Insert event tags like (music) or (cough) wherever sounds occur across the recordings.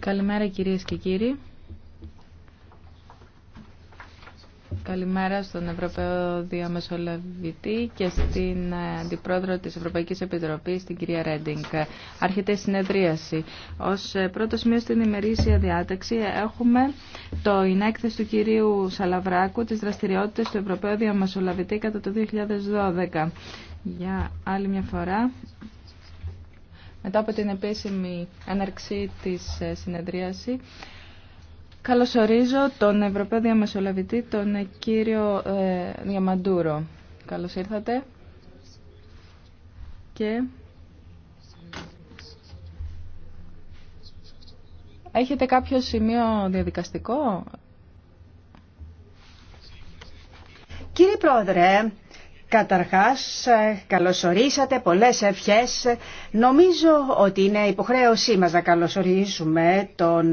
Καλημέρα κυρίες και κύριοι. Καλημέρα στον Ευρωπαίο Διαμεσολαβητή και στην ε, Αντιπρόεδρο της Ευρωπαϊκής Επιτροπής, την κυρία Ρέντινγκ. Άρχεται η συνεδρίαση. Ως ε, πρώτο σημείο στην ημερήσια διάταξη έχουμε το ενέκθεση του κυρίου Σαλαβράκου, της δραστηριότητας του Ευρωπαίου Διαμεσολαβητή κατά το 2012. Για άλλη μια φορά, μετά από την επίσημη έναρξη της ε, συνεδρίασης, Καλωσορίζω τον Ευρωπαίο Διαμεσολαβητή, τον κύριο ε, Διαμαντούρο. Καλώς ήρθατε. Και... Έχετε κάποιο σημείο διαδικαστικό? Κύριε Πρόεδρε, Καταρχάς, καλωσορίσατε, πολλές ευχές. Νομίζω ότι είναι υποχρέωσή μας να καλωσορίσουμε τον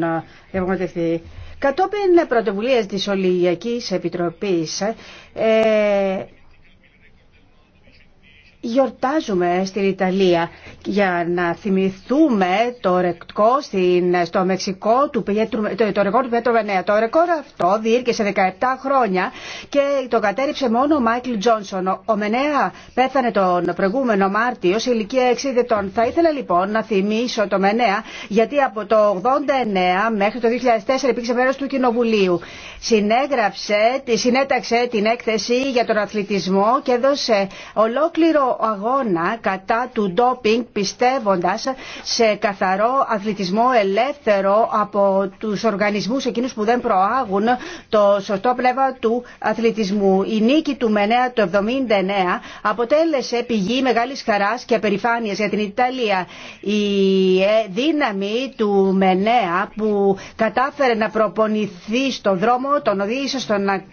διαπραγματευτή Κατόπιν πρωτοβουλίας της Ολυγιακής Επιτροπής ε, Γιορτάζουμε στην Ιταλία για να θυμηθούμε το ρεκόρ στο Μεξικό του Πιέτρου, το, ρεκόρ του Πιέτρου Βενέα. Το ρεκόρ αυτό διήρκεσε 17 χρόνια και το κατέριψε μόνο ο Μάικλ Τζόνσον. Ο Μενέα πέθανε τον προηγούμενο Μάρτιο σε ηλικία 60 ετών. Θα ήθελα λοιπόν να θυμίσω το Μενέα γιατί από το 89 μέχρι το 2004 υπήρξε μέρος του Κοινοβουλίου. Συνέγραψε, συνέταξε την έκθεση για τον αθλητισμό και έδωσε ολόκληρο αγώνα κατά του ντόπινγκ πιστεύοντας σε καθαρό αθλητισμό ελεύθερο από τους οργανισμούς εκείνους που δεν προάγουν το σωστό πνεύμα του αθλητισμού. Η νίκη του Μενέα το 79 αποτέλεσε πηγή μεγάλης χαράς και περηφάνειας για την Ιταλία. Η ε, δύναμη του Μενέα που κατάφερε να προπονηθεί στον δρόμο τον οδήγησε στο να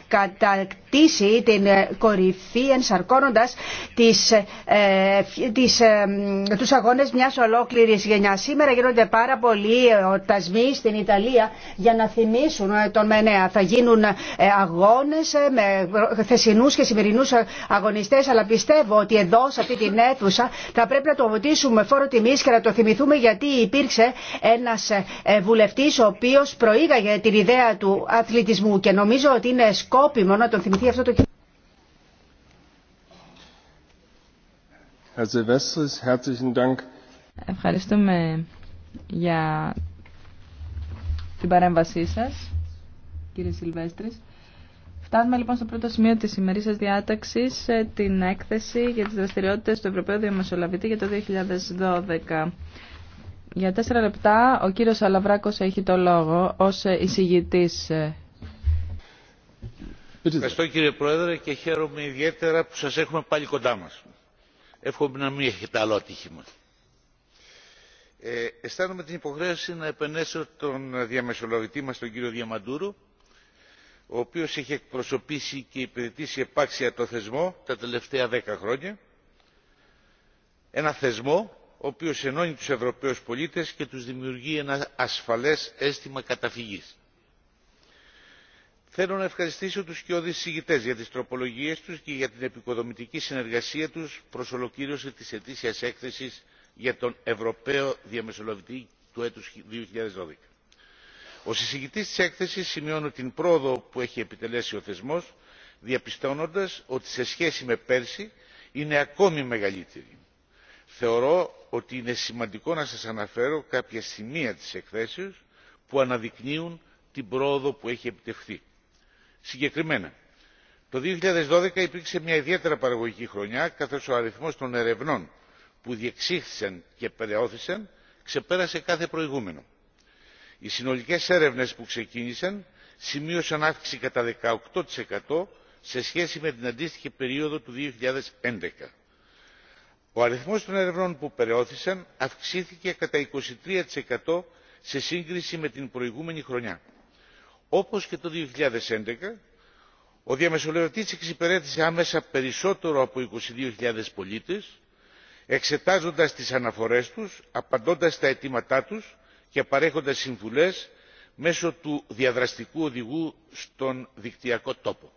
την ε, κορυφή ενσαρκώνοντας τις, ε, τις, ε, τους αγώνες μιας ολόκληρης γενιάς. Σήμερα γίνονται πάρα πολλοί εορτασμοί στην Ιταλία για να θυμίσουν τον Μενέα. Θα γίνουν αγώνες με θεσινούς και σημερινούς αγωνιστές αλλά πιστεύω ότι εδώ σε αυτή την αίθουσα θα πρέπει να το βοηθήσουμε φόρο τιμής και να το θυμηθούμε γιατί υπήρξε ένας βουλευτής ο οποίος προήγαγε την ιδέα του αθλητισμού και νομίζω ότι είναι σκόπιμο να τον θυμηθεί αυτό το Ευχαριστούμε για την παρέμβασή σας, κύριε Σιλβέστρης. Φτάνουμε λοιπόν στο πρώτο σημείο της σημερινής διάταξης, ε, την έκθεση για τις δραστηριότητες του Ευρωπαίου Διαμεσολαβητή για το 2012. Για τέσσερα λεπτά ο κύριος Αλαβράκος έχει το λόγο ως ε, εισηγητής ε, Ευχαριστώ κύριε Πρόεδρε και χαίρομαι ιδιαίτερα που σας έχουμε πάλι κοντά μας. Εύχομαι να μην έχετε άλλο ατύχημα. Ε, αισθάνομαι την υποχρέωση να επενέσω τον διαμεσολογητή μας τον κύριο Διαμαντούρου ο οποίος έχει εκπροσωπήσει και υπηρετήσει επάξια το θεσμό τα τελευταία δέκα χρόνια ένα θεσμό ο οποίος ενώνει τους Ευρωπαίους πολίτες και τους δημιουργεί ένα ασφαλές αίσθημα καταφυγής θέλω να ευχαριστήσω τους σκιώδεις συγητές για τις τροπολογίες τους και για την επικοδομητική συνεργασία τους προς ολοκλήρωση της ετήσιας έκθεσης για τον Ευρωπαίο Διαμεσολαβητή του έτους 2012. Ως εισηγητής της έκθεσης σημειώνω την πρόοδο που έχει επιτελέσει ο θεσμός, διαπιστώνοντας ότι σε σχέση με πέρσι είναι ακόμη μεγαλύτερη. Θεωρώ ότι είναι σημαντικό να σας αναφέρω κάποια σημεία της εκθέσεως που αναδεικνύουν την πρόοδο που έχει επιτευχθεί συγκεκριμένα το 2012 χιλιάδες υπήρξε μια ιδιαίτερα παραγωγική χρονιά καθώς ο αριθμός των ερευνών που διεξήχθησαν και περιόθησαν ξεπέρασε κάθε προηγούμενο. οι συνολικές έρευνες που ξεκίνησαν σημείωσαν αύξηση κατά 18% σε σχέση με την αντίστοιχη περίοδο του. 2011. Ο αριθμός των ερευνών που περαιώθησαν αυξήθηκε κατά 23% σε σύγκριση με την προηγούμενη χρονιά όπως και το 2011, ο διαμεσολαβητής εξυπηρέτησε άμεσα περισσότερο από 22.000 πολίτες, εξετάζοντας τις αναφορές τους, απαντώντας στα αιτήματά τους και παρέχοντας συμβουλές μέσω του διαδραστικού οδηγού στον δικτυακό τόπο.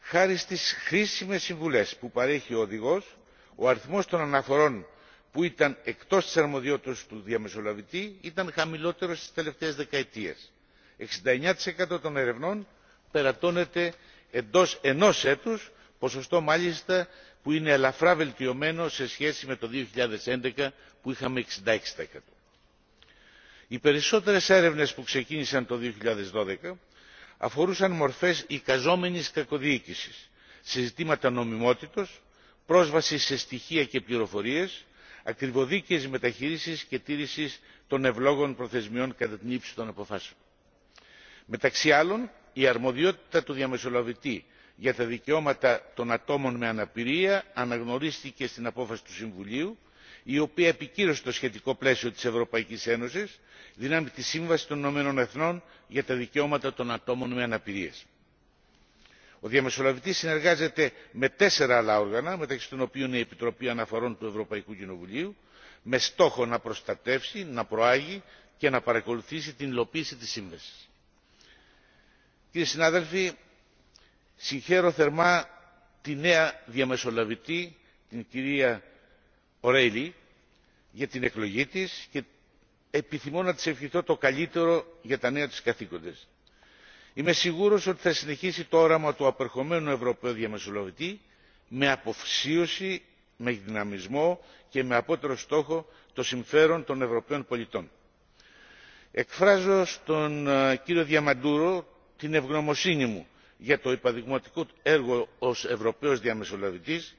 Χάρη στις χρήσιμες συμβουλές που παρέχει ο οδηγός, ο αριθμός των αναφορών που ήταν εκτός της αρμοδιότητας του διαμεσολαβητή ήταν χαμηλότερος στις τελευταίες δεκαετίες 69% των ερευνών περατώνεται εντό ενό έτου, ποσοστό μάλιστα που είναι ελαφρά βελτιωμένο σε σχέση με το 2011 που είχαμε 66%. Οι περισσότερε έρευνε που ξεκίνησαν το 2012 αφορούσαν μορφέ εικαζόμενη κακοδιοίκηση σε ζητήματα νομιμότητος, πρόσβαση σε στοιχεία και πληροφορίε, ακριβοδίκαιε μεταχείρισης και τήρηση των ευλόγων προθεσμιών κατά την ύψη των αποφάσεων μεταξύ άλλων η αρμοδιότητα του διαμεσολαβητή για τα δικαιώματα των ατόμων με αναπηρία αναγνωρίστηκε στην απόφαση του συμβουλίου η οποία επικύρωσε το σχετικό πλαίσιο της ευρωπαϊκής ένωσης δυνάμει της σύμβασης των ηνωμένων εθνών για τα δικαιώματα των ατόμων με αναπηρία. ο διαμεσολαβητής συνεργάζεται με τέσσερα άλλα όργανα μεταξύ των οποίων η επιτροπή αναφορών του ευρωπαϊκού κοινοβουλίου με στόχο να προστατεύσει να προάγει και να παρακολουθήσει την υλοποίηση της σύμβασης. Κύριε συνάδελφοι συγχαίρω θερμά τη νέα διαμεσολαβητή την κυρία Ωρέλη, για την εκλογή της και επιθυμώ να της ευχηθώ το καλύτερο για τα νέα της καθήκοντες. είμαι σίγουρος ότι θα συνεχίσει το όραμα του απερχομένου ευρωπαίου διαμεσολαβητή με αποφυσίωση με δυναμισμό και με απότερο στόχο το συμφέρον των ευρωπαίων πολιτών. εκφράζω στον ε, κύριο διαμαντούρο την ευγνωμοσύνη μου για το υποδειγματικό έργο ως ευρωπαίος διαμεσολαβητής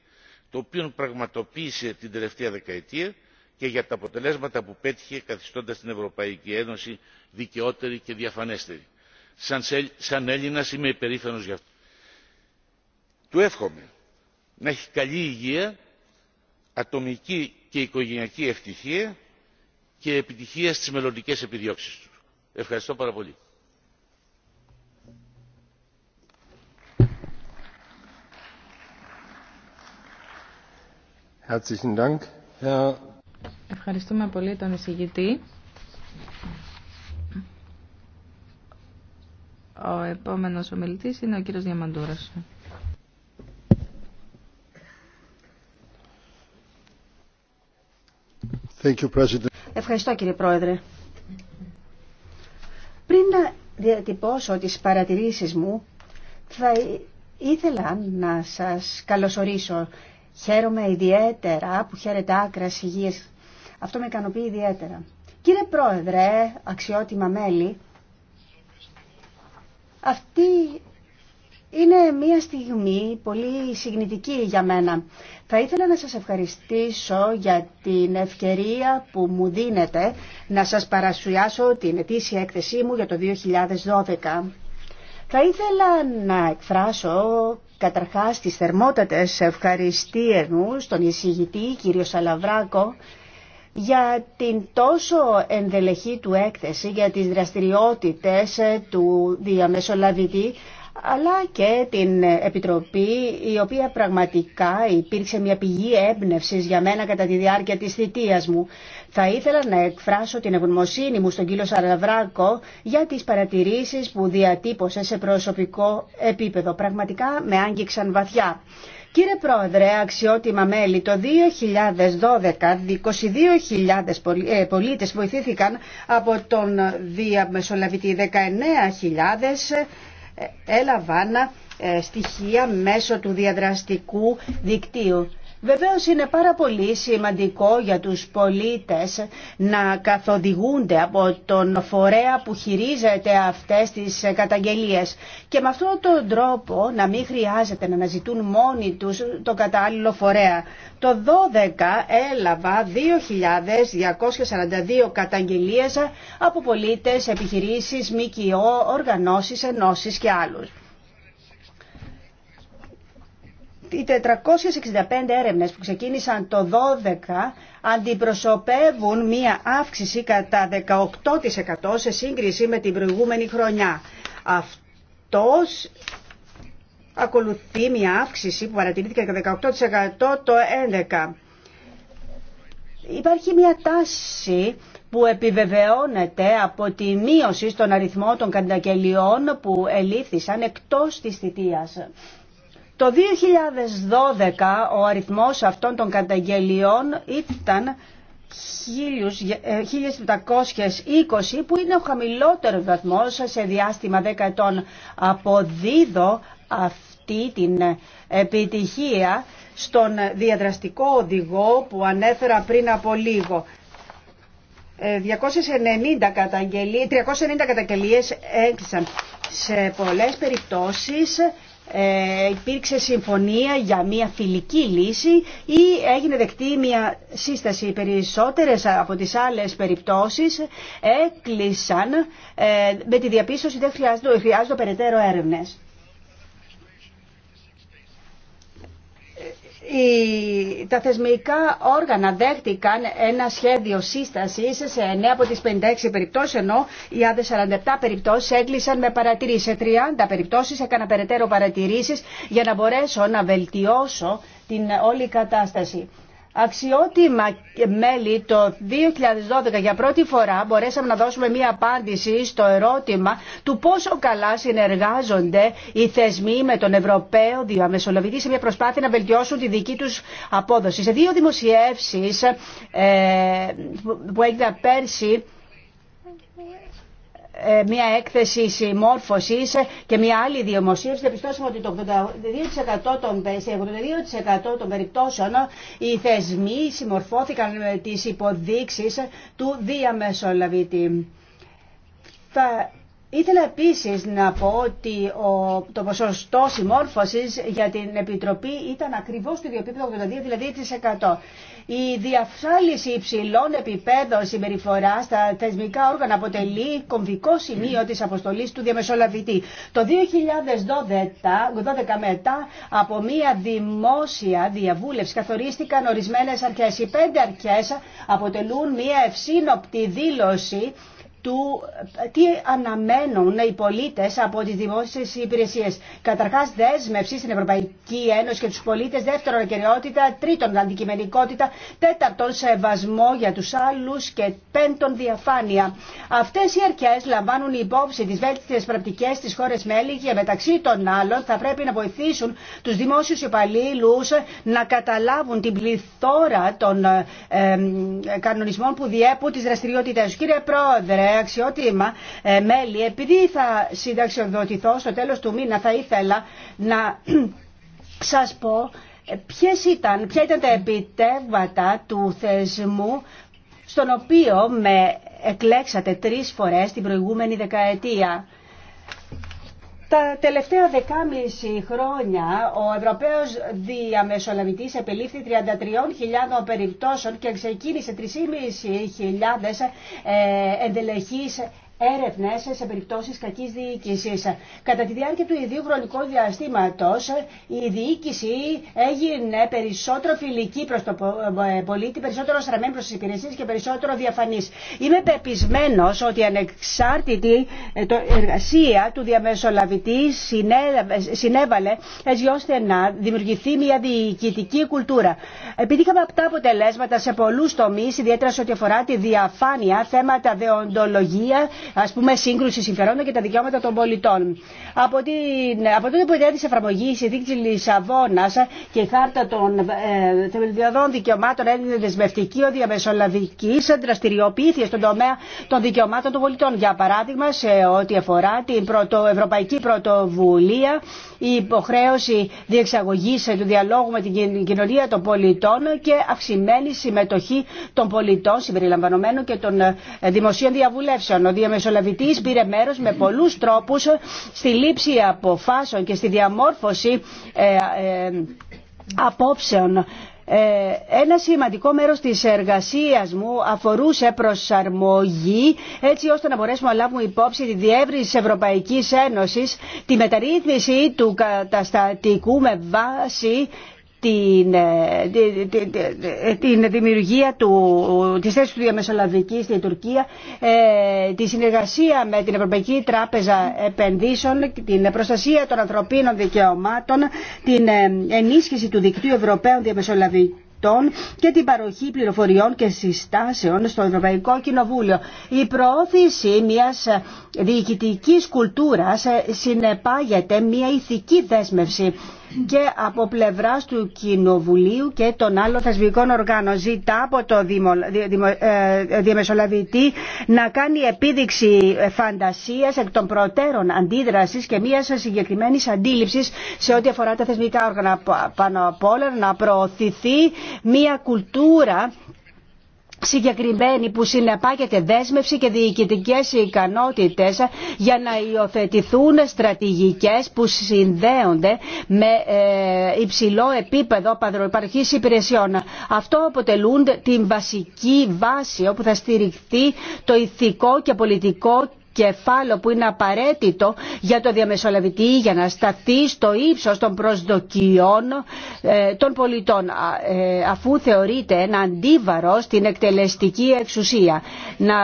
το οποίο πραγματοποίησε την τελευταία δεκαετία και για τα αποτελέσματα που πέτυχε καθιστώντας την ευρωπαϊκή ένωση δικαιότερη και διαφανέστερη. σαν έλληνας είμαι υπερήφανος γι' αυτό. του εύχομαι να έχει καλή υγεία ατομική και οικογενειακή ευτυχία και επιτυχία στις μελλοντικές επιδιώξεις του. ευχαριστώ πάρα πολύ. Ευχαριστούμε πολύ τον εισηγητή. Ο επόμενος ομιλητής είναι ο κύριος Διαμαντούρας. Ευχαριστώ κύριε Πρόεδρε. Πριν να διατυπώσω τις παρατηρήσεις μου, θα ήθελα να σας καλωσορίσω Χαίρομαι ιδιαίτερα που χαίρεται άκρα υγείας. Αυτό με ικανοποιεί ιδιαίτερα. Κύριε Πρόεδρε, αξιότιμα μέλη, αυτή είναι μια στιγμή πολύ συγνητική για μένα. Θα ήθελα να σας ευχαριστήσω για την ευκαιρία που μου δίνετε να σας παρασουλιάσω την ετήσια έκθεσή μου για το 2012. Θα ήθελα να εκφράσω καταρχάς τις θερμότατες ευχαριστίες μου στον εισηγητή κύριο Σαλαβράκο για την τόσο ενδελεχή του έκθεση για τις δραστηριότητες του διαμεσολαβητή αλλά και την Επιτροπή η οποία πραγματικά υπήρξε μια πηγή έμπνευση για μένα κατά τη διάρκεια της θητείας μου. Θα ήθελα να εκφράσω την ευγνωμοσύνη μου στον κύριο Σαραβράκο για τις παρατηρήσεις που διατύπωσε σε προσωπικό επίπεδο. Πραγματικά με άγγιξαν βαθιά. Κύριε Πρόεδρε, αξιότιμα μέλη, το 2012 22.000 ε, πολίτες βοηθήθηκαν από τον διαμεσολαβητή 19.000 έλαβαν ε, στοιχεία μέσω του διαδραστικού δικτύου. Βεβαίως είναι πάρα πολύ σημαντικό για τους πολίτες να καθοδηγούνται από τον φορέα που χειρίζεται αυτές τις καταγγελίες και με αυτόν τον τρόπο να μην χρειάζεται να αναζητούν μόνοι τους το κατάλληλο φορέα. Το 12 έλαβα 2.242 καταγγελίες από πολίτες, επιχειρήσεις, ΜΚΟ, οργανώσεις, ενώσεις και άλλους οι 465 έρευνες που ξεκίνησαν το 12 αντιπροσωπεύουν μία αύξηση κατά 18% σε σύγκριση με την προηγούμενη χρονιά. Αυτός ακολουθεί μία αύξηση που παρατηρήθηκε κατά 18% το 11. Υπάρχει μία τάση που επιβεβαιώνεται από τη μείωση στον αριθμό των καταγγελιών που ελήφθησαν εκτός της θητείας. Το 2012 ο αριθμός αυτών των καταγγελιών ήταν 1720 ε, που είναι ο χαμηλότερος βαθμός σε διάστημα 10 ετών. Αποδίδω αυτή την ε, επιτυχία στον διαδραστικό οδηγό που ανέφερα πριν από λίγο. 290 καταγγελίες, 390 καταγγελίες έκλεισαν. Σε πολλές περιπτώσεις ε, υπήρξε συμφωνία για μια φιλική λύση ή έγινε δεκτή μια σύσταση. Περισσότερες από τις άλλες περιπτώσεις έκλεισαν ε, με τη διαπίστωση ότι δεν χρειάζονται περαιτέρω έρευνες. τα θεσμικά όργανα δέχτηκαν ένα σχέδιο σύσταση σε 9 από τι 56 περιπτώσεις ενώ οι άλλε 47 περιπτώσει έκλεισαν με παρατηρήσει Σε 30 περιπτώσει έκανα περαιτέρω παρατηρήσεις για να μπορέσω να βελτιώσω την όλη κατάσταση. Αξιότιμα μέλη, το 2012 για πρώτη φορά μπορέσαμε να δώσουμε μία απάντηση στο ερώτημα του πόσο καλά συνεργάζονται οι θεσμοί με τον Ευρωπαίο Διαμεσολαβητή σε μια προσπάθεια να βελτιώσουν τη δική τους απόδοση. Σε δύο δημοσιεύσεις ε, που έγιναν πέρσι ε, μια έκθεση συμμόρφωση και μια άλλη δημοσίευση, διαπιστώσαμε ότι το 82% των, 82% των περιπτώσεων οι θεσμοί συμμορφώθηκαν με τι υποδείξεις του διαμεσολαβητή. Ήθελα επίσης να πω ότι το ποσοστό συμμόρφωσης για την Επιτροπή ήταν ακριβώς το ίδιο επίπεδο 82, δηλαδή 100. Η διαφάλιση υψηλών επιπέδων συμπεριφορά στα θεσμικά όργανα αποτελεί κομβικό σημείο της αποστολής του διαμεσολαβητή. Το 2012 μετά από μία δημόσια διαβούλευση καθορίστηκαν ορισμένες αρχε Οι πέντε αρχές αποτελούν μία ευσύνοπτη δήλωση ε, τι αναμένουν οι πολίτε από τι δημόσιε υπηρεσίε. Καταρχά δέσμευση στην Ευρωπαϊκή Ένωση και του πολίτε, δεύτερον κυριότητα, τρίτον αντικειμενικότητα, τέταρτον σεβασμό για του άλλου και πέμπτον διαφάνεια. Αυτέ οι αρχέ λαμβάνουν υπόψη τι βέλτιστες πρακτικέ στι χώρε μέλη και μεταξύ των άλλων θα πρέπει να βοηθήσουν του δημόσιου υπαλλήλου να καταλάβουν την πληθώρα των ε, ε κανονισμών που διέπουν τι του. Κύριε Πρόεδρε, αξιότιμα ε, μέλη, επειδή θα συνταξιοδοτηθώ στο τέλος του μήνα, θα ήθελα να (clears throat) σας πω ε, ποιες ήταν, ποια ήταν τα επιτεύγματα του θεσμού στον οποίο με εκλέξατε τρεις φορές την προηγούμενη δεκαετία. Τα τελευταία δεκάμιση χρόνια ο Ευρωπαίος διαμεσολαβητής επελήφθη 33.000 περιπτώσεων και ξεκίνησε 3.500 ε, εντελεχείς Έρευνε σε περιπτώσει κακή διοίκησης. Κατά τη διάρκεια του ιδίου χρονικού διαστήματο, η διοίκηση έγινε περισσότερο φιλική προ το ε, πολίτη, περισσότερο στραμμένη προς τι υπηρεσίες και περισσότερο διαφανή. Είμαι πεπισμένο ότι η ανεξάρτητη ε, εργασία του διαμεσολαβητή συνέβαλε έτσι ώστε να δημιουργηθεί μια διοικητική κουλτούρα. Επειδή είχαμε αυτά αποτελέσματα σε πολλού τομεί, ιδιαίτερα σε ό,τι αφορά τη διαφάνεια, θέματα δεοντολογία, ας πούμε, σύγκρουση συμφερόντων και τα δικαιώματα των πολιτών. Από, την, από τότε που έδειξε εφαρμογή η συνθήκη τη Λισαβόνα και η χάρτα των ε, θεμελιωδών δικαιωμάτων έγινε δεσμευτική, ο διαμεσολαβική δραστηριοποίηση στον τομέα των δικαιωμάτων των πολιτών. Για παράδειγμα, σε ό,τι αφορά την πρωτο, Ευρωπαϊκή Πρωτοβουλία, η υποχρέωση διεξαγωγή του διαλόγου με την κοινωνία των πολιτών και αυξημένη συμμετοχή των πολιτών συμπεριλαμβανομένων και των ε, δημοσίων διαβουλεύσεων. Ο μεσολαβητή πήρε μέρο με πολλού τρόπου στη λήψη αποφάσεων και στη διαμόρφωση ε, ε, απόψεων. Ε, ένα σημαντικό μέρος της εργασίας μου αφορούσε προσαρμογή έτσι ώστε να μπορέσουμε να λάβουμε υπόψη τη διεύρυνση της Ευρωπαϊκής Ένωσης, τη μεταρρύθμιση του καταστατικού με βάση την, ε, ε, την, δημιουργία του, της θέσης του διαμεσολαβικής στη Τουρκία, ε, τη συνεργασία με την Ευρωπαϊκή Τράπεζα Επενδύσεων, την προστασία των ανθρωπίνων δικαιωμάτων, την ενίσχυση του δικτύου Ευρωπαίων Διαμεσολαβητών και την παροχή πληροφοριών και συστάσεων στο Ευρωπαϊκό Κοινοβούλιο. Η προώθηση μιας διοικητικής κουλτούρας συνεπάγεται μια ηθική δέσμευση και από πλευρά του Κοινοβουλίου και των άλλων θεσμικών οργάνων. Ζητά από το ε, διαμεσολαβητή να κάνει επίδειξη φαντασίας εκ των προτέρων αντίδρασης και μια συγκεκριμένη αντίληψη σε ό,τι αφορά τα θεσμικά όργανα. Πάνω απ' όλα να προωθηθεί μια κουλτούρα συγκεκριμένη που συνεπάγεται δέσμευση και διοικητικές ικανότητες για να υιοθετηθούν στρατηγικές που συνδέονται με ε, υψηλό επίπεδο παροχής υπηρεσιών. Αυτό αποτελούν την βασική βάση όπου θα στηριχθεί το ηθικό και πολιτικό κεφάλαιο που είναι απαραίτητο για το διαμεσολαβητή για να σταθεί στο ύψος των προσδοκιών ε, των πολιτών ε, αφού θεωρείται ένα αντίβαρο στην εκτελεστική εξουσία να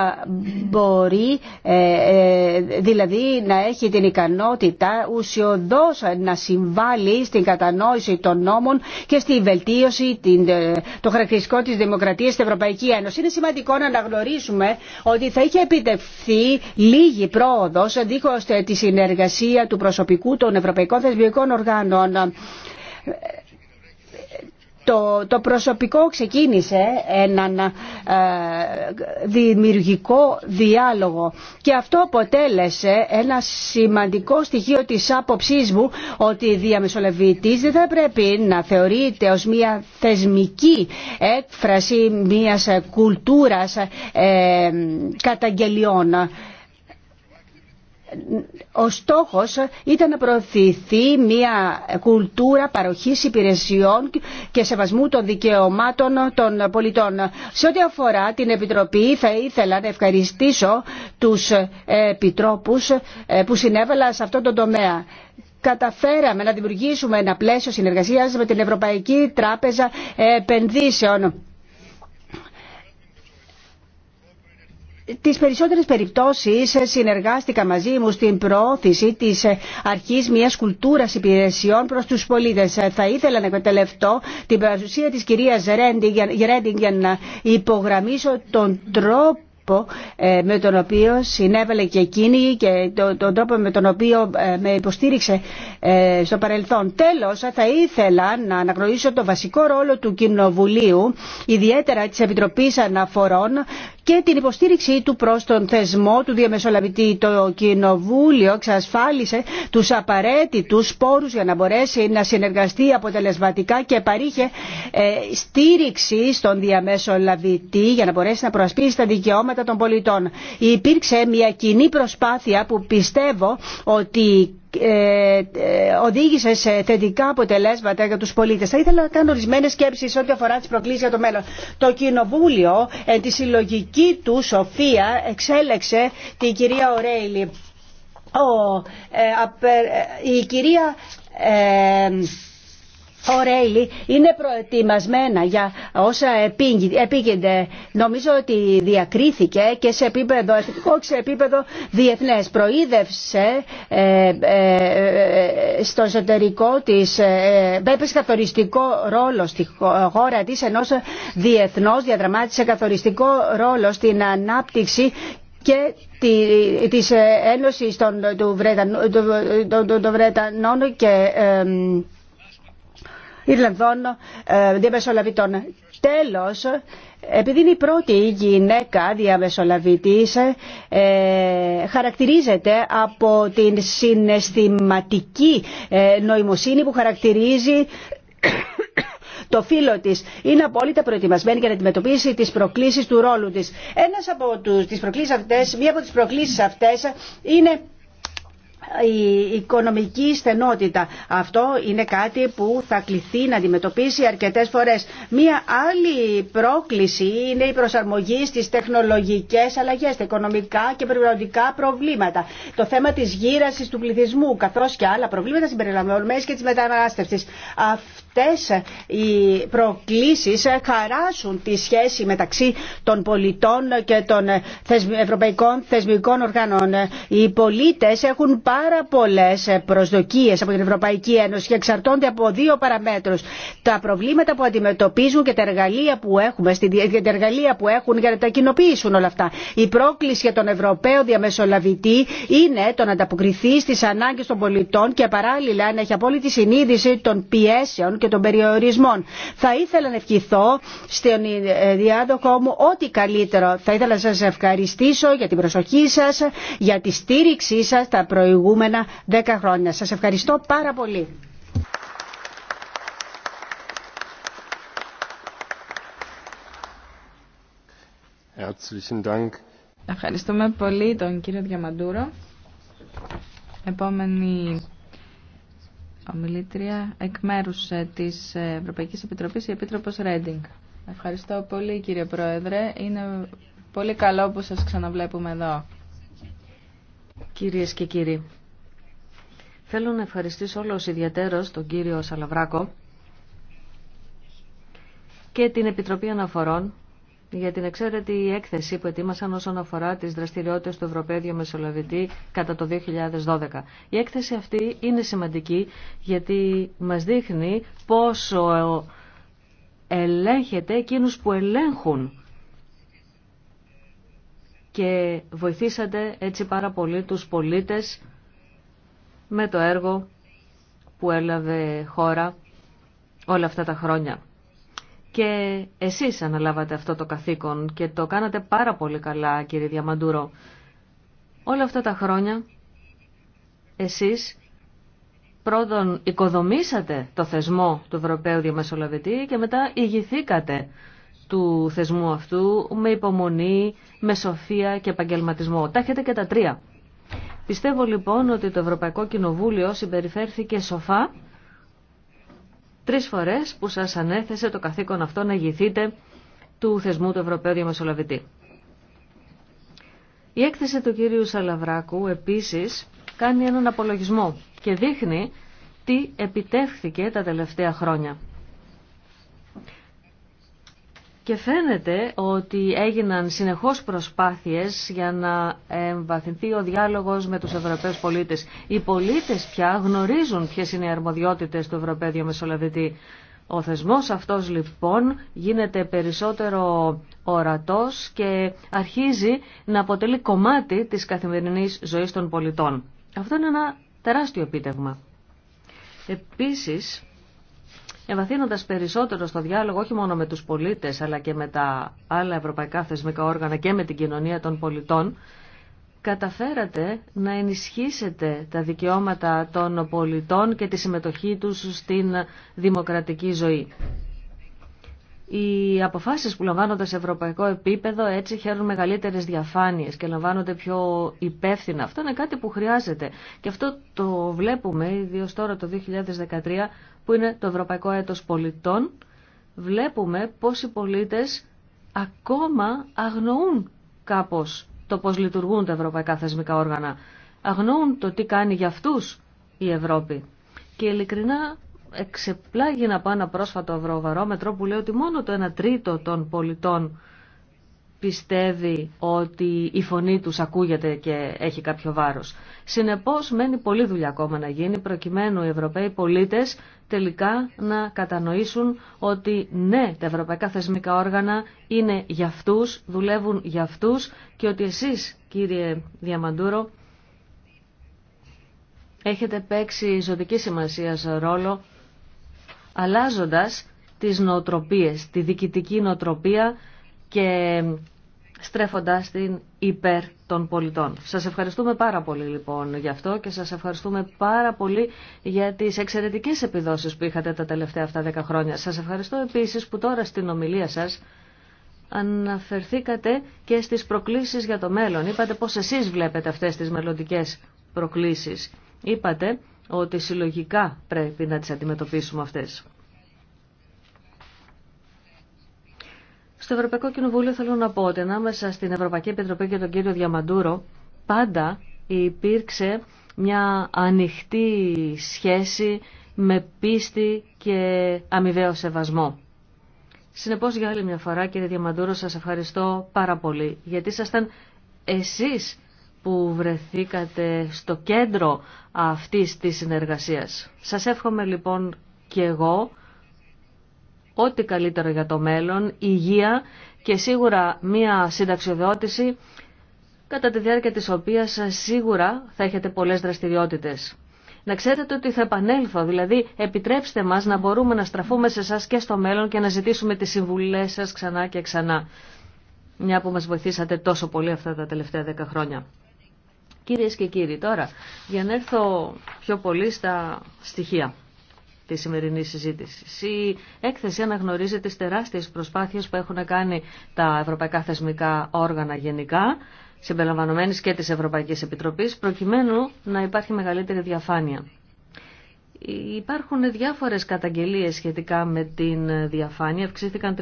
μπορεί ε, δηλαδή να έχει την ικανότητα ουσιοδός να συμβάλλει στην κατανόηση των νόμων και στη βελτίωση το χαρακτηριστικό της δημοκρατίας στην Ευρωπαϊκή Ένωση. Είναι σημαντικό να αναγνωρίσουμε ότι θα είχε λίγη πρόοδος δίχως τη συνεργασία του προσωπικού των Ευρωπαϊκών Θεσμικών Οργάνων. Το, το προσωπικό ξεκίνησε έναν ε, δημιουργικό διάλογο και αυτό αποτέλεσε ένα σημαντικό στοιχείο της άποψής μου ότι η διαμεσολαβητής δεν θα πρέπει να θεωρείται ως μια θεσμική έκφραση μιας κουλτούρας ε, καταγγελιών ο στόχος ήταν να προωθηθεί μια κουλτούρα παροχής υπηρεσιών και σεβασμού των δικαιωμάτων των πολιτών. Σε ό,τι αφορά την Επιτροπή θα ήθελα να ευχαριστήσω τους επιτρόπους ε, που συνέβαλαν σε αυτό τον τομέα καταφέραμε να δημιουργήσουμε ένα πλαίσιο συνεργασίας με την Ευρωπαϊκή Τράπεζα Επενδύσεων Τις περισσότερες περιπτώσεις ε, συνεργάστηκα μαζί μου στην προώθηση της ε, αρχής μιας κουλτούρας υπηρεσιών προς τους πολίτες. Ε, θα ήθελα να εκμεταλλευτώ την παρουσία της κυρίας Ρέντινγκ για να υπογραμμίσω τον τρόπο με τον οποίο συνέβαλε και εκείνη και τον τρόπο με τον οποίο με υποστήριξε στο παρελθόν. Τέλος, θα ήθελα να αναγνωρίσω το βασικό ρόλο του Κοινοβουλίου, ιδιαίτερα της Επιτροπής Αναφορών, και την υποστήριξή του προς τον θεσμό του διαμεσολαβητή. Το Κοινοβούλιο εξασφάλισε τους απαραίτητους πόρους για να μπορέσει να συνεργαστεί αποτελεσματικά και παρήχε ε, στήριξη στον διαμεσολαβητή για να μπορέσει να προασπίσει τα δικαιώματα των πολιτών. Υπήρξε μια κοινή προσπάθεια που πιστεύω ότι ε, ε, οδήγησε σε θετικά αποτελέσματα για τους πολίτες. Θα ήθελα να κάνω ορισμένε σκέψει ό,τι αφορά τι προκλήσει για το μέλλον. Το Κοινοβούλιο, εν τη συλλογική του σοφία, εξέλεξε την κυρία Ορέιλι. Ε, η κυρία... Ρέιλι είναι προετοιμασμένα για όσα επίγενται. Νομίζω ότι διακρίθηκε και σε επίπεδο εθνικό και σε επίπεδο διεθνές. Προείδευσε ε, ε, ε, στο εσωτερικό της, ε, έπαιξε καθοριστικό ρόλο στη χώρα της, ενώ διεθνώς διαδραμάτισε καθοριστικό ρόλο στην ανάπτυξη και της Ένωσης των, του Βρετανών και Ιρλανδών ε, διαμεσολαβητών. Τέλος, επειδή είναι η πρώτη γυναίκα διαμεσολαβητής, ε, χαρακτηρίζεται από την συναισθηματική ε, νοημοσύνη που χαρακτηρίζει το φίλο τη είναι απόλυτα προετοιμασμένη για να αντιμετωπίσει τι προκλήσει του ρόλου τη. Ένας από τους τις προκλήσεις αυτές, μία από τι προκλήσει αυτέ είναι η οικονομική στενότητα. Αυτό είναι κάτι που θα κληθεί να αντιμετωπίσει αρκετές φορές. Μία άλλη πρόκληση είναι η προσαρμογή στις τεχνολογικές αλλαγές, τα οικονομικά και περιβαλλοντικά προβλήματα. Το θέμα της γύρασης του πληθυσμού, καθώς και άλλα προβλήματα συμπεριλαμβανομένες και της μετανάστευσης αυτές οι προκλήσεις χαράσουν τη σχέση μεταξύ των πολιτών και των ευρωπαϊκών θεσμικών οργάνων. Οι πολίτες έχουν πάρα πολλές προσδοκίες από την Ευρωπαϊκή Ένωση και εξαρτώνται από δύο παραμέτρους. Τα προβλήματα που αντιμετωπίζουν και τα εργαλεία που, έχουμε, τα εργαλεία που έχουν για να τα κοινοποιήσουν όλα αυτά. Η πρόκληση για τον Ευρωπαίο διαμεσολαβητή είναι το να ανταποκριθεί στις ανάγκες των πολιτών και παράλληλα να έχει απόλυτη συνείδηση των πιέσεων και των περιορισμών. Θα ήθελα να ευχηθώ στον διάδοχό μου ό,τι καλύτερο. Θα ήθελα να σας ευχαριστήσω για την προσοχή σας, για τη στήριξή σας τα προηγούμενα δέκα χρόνια. Σας ευχαριστώ πάρα πολύ. Ευχαριστούμε πολύ τον κύριο Διαμαντούρο. Επόμενη ομιλήτρια εκ μέρου ε, της Ευρωπαϊκής Επιτροπής, η Επίτροπος Ρέντινγκ. Ευχαριστώ πολύ κύριε Πρόεδρε. Είναι πολύ καλό που σα ξαναβλέπουμε εδώ. Κυρίες και κύριοι, θέλω να ευχαριστήσω όλο ιδιαίτερο τον κύριο Σαλαβράκο και την Επιτροπή Αναφορών για την εξαίρετη έκθεση που ετοίμασαν όσον αφορά τις δραστηριότητες του Ευρωπαίου Μεσολαβητή κατά το 2012. Η έκθεση αυτή είναι σημαντική γιατί μας δείχνει πόσο ελέγχεται εκείνους που ελέγχουν και βοηθήσατε έτσι πάρα πολύ τους πολίτες με το έργο που έλαβε χώρα όλα αυτά τα χρόνια. Και εσείς αναλάβατε αυτό το καθήκον και το κάνατε πάρα πολύ καλά κύριε Διαμαντούρο. Όλα αυτά τα χρόνια εσείς πρώτον οικοδομήσατε το θεσμό του Ευρωπαίου Διαμεσολαβητή και μετά ηγηθήκατε του θεσμού αυτού με υπομονή, με σοφία και επαγγελματισμό. Τα έχετε και τα τρία. Πιστεύω λοιπόν ότι το Ευρωπαϊκό Κοινοβούλιο συμπεριφέρθηκε σοφά τρεις φορές που σας ανέθεσε το καθήκον αυτό να ηγηθείτε του θεσμού του Ευρωπαίου Διαμεσολαβητή. Η έκθεση του κύριου Σαλαβράκου επίσης κάνει έναν απολογισμό και δείχνει τι επιτεύχθηκε τα τελευταία χρόνια. Και φαίνεται ότι έγιναν συνεχώς προσπάθειες για να εμβαθυνθεί ο διάλογος με τους Ευρωπαίους πολίτες. Οι πολίτες πια γνωρίζουν ποιες είναι οι αρμοδιότητες του Ευρωπαίου μεσολαβητή. Ο θεσμός αυτός λοιπόν γίνεται περισσότερο ορατός και αρχίζει να αποτελεί κομμάτι της καθημερινής ζωής των πολιτών. Αυτό είναι ένα τεράστιο επίτευγμα. Επίσης, Εμβαθύνοντας περισσότερο στο διάλογο όχι μόνο με τους πολίτες αλλά και με τα άλλα ευρωπαϊκά θεσμικά όργανα και με την κοινωνία των πολιτών, καταφέρατε να ενισχύσετε τα δικαιώματα των πολιτών και τη συμμετοχή τους στην δημοκρατική ζωή. Οι αποφάσεις που λαμβάνονται σε ευρωπαϊκό επίπεδο έτσι χαίρουν μεγαλύτερες διαφάνειες και λαμβάνονται πιο υπεύθυνα. Αυτό είναι κάτι που χρειάζεται. Και αυτό το βλέπουμε, ιδιω τώρα το 2013, που είναι το Ευρωπαϊκό Έτος Πολιτών, βλέπουμε πως οι πολίτες ακόμα αγνοούν κάπως το πώς λειτουργούν τα ευρωπαϊκά θεσμικά όργανα. Αγνοούν το τι κάνει για αυτούς η Ευρώπη. Και ειλικρινά εξεπλάγει να πάνε ένα πρόσφατο ευρωβαρόμετρο που λέει ότι μόνο το 1 τρίτο των πολιτών πιστεύει ότι η φωνή τους ακούγεται και έχει κάποιο βάρος. Συνεπώς μένει πολλή δουλειά ακόμα να γίνει προκειμένου οι Ευρωπαίοι πολίτες τελικά να κατανοήσουν ότι ναι, τα ευρωπαϊκά θεσμικά όργανα είναι για αυτούς, δουλεύουν για αυτούς και ότι εσείς κύριε Διαμαντούρο έχετε παίξει ζωτική σημασία ρόλο αλλάζοντας τις νοοτροπίες, τη διοικητική νοοτροπία και στρέφοντας την υπέρ των πολιτών. Σας ευχαριστούμε πάρα πολύ λοιπόν γι' αυτό και σας ευχαριστούμε πάρα πολύ για τις εξαιρετικές επιδόσεις που είχατε τα τελευταία αυτά δέκα χρόνια. Σας ευχαριστώ επίσης που τώρα στην ομιλία σας αναφερθήκατε και στις προκλήσεις για το μέλλον. Είπατε πώς εσείς βλέπετε αυτές τις μελλοντικέ προκλήσεις. Είπατε ότι συλλογικά πρέπει να τις αντιμετωπίσουμε αυτές. Στο Ευρωπαϊκό Κοινοβούλιο θέλω να πω ότι ανάμεσα στην Ευρωπαϊκή Επιτροπή και τον κύριο Διαμαντούρο πάντα υπήρξε μια ανοιχτή σχέση με πίστη και αμοιβαίο σεβασμό. Συνεπώς για άλλη μια φορά κύριε Διαμαντούρο σας ευχαριστώ πάρα πολύ γιατί ήσασταν εσείς που βρεθήκατε στο κέντρο αυτής της συνεργασίας. Σας εύχομαι λοιπόν και εγώ ό,τι καλύτερο για το μέλλον, υγεία και σίγουρα μία συνταξιοδότηση κατά τη διάρκεια της οποίας σίγουρα θα έχετε πολλές δραστηριότητες. Να ξέρετε ότι θα επανέλθω, δηλαδή επιτρέψτε μας να μπορούμε να στραφούμε σε εσά και στο μέλλον και να ζητήσουμε τις συμβουλές σας ξανά και ξανά, μια που μας βοηθήσατε τόσο πολύ αυτά τα τελευταία δέκα χρόνια. Κυρίες και κύριοι, τώρα για να έρθω πιο πολύ στα στοιχεία της σημερινής συζήτησης. Η έκθεση αναγνωρίζει τι τεράστιε προσπάθειες που έχουν κάνει τα ευρωπαϊκά θεσμικά όργανα γενικά, συμπεριλαμβανομένη και τη Ευρωπαϊκής Επιτροπής, προκειμένου να υπάρχει μεγαλύτερη διαφάνεια. Υπάρχουν διάφορε καταγγελίες σχετικά με την διαφάνεια, αυξήθηκαν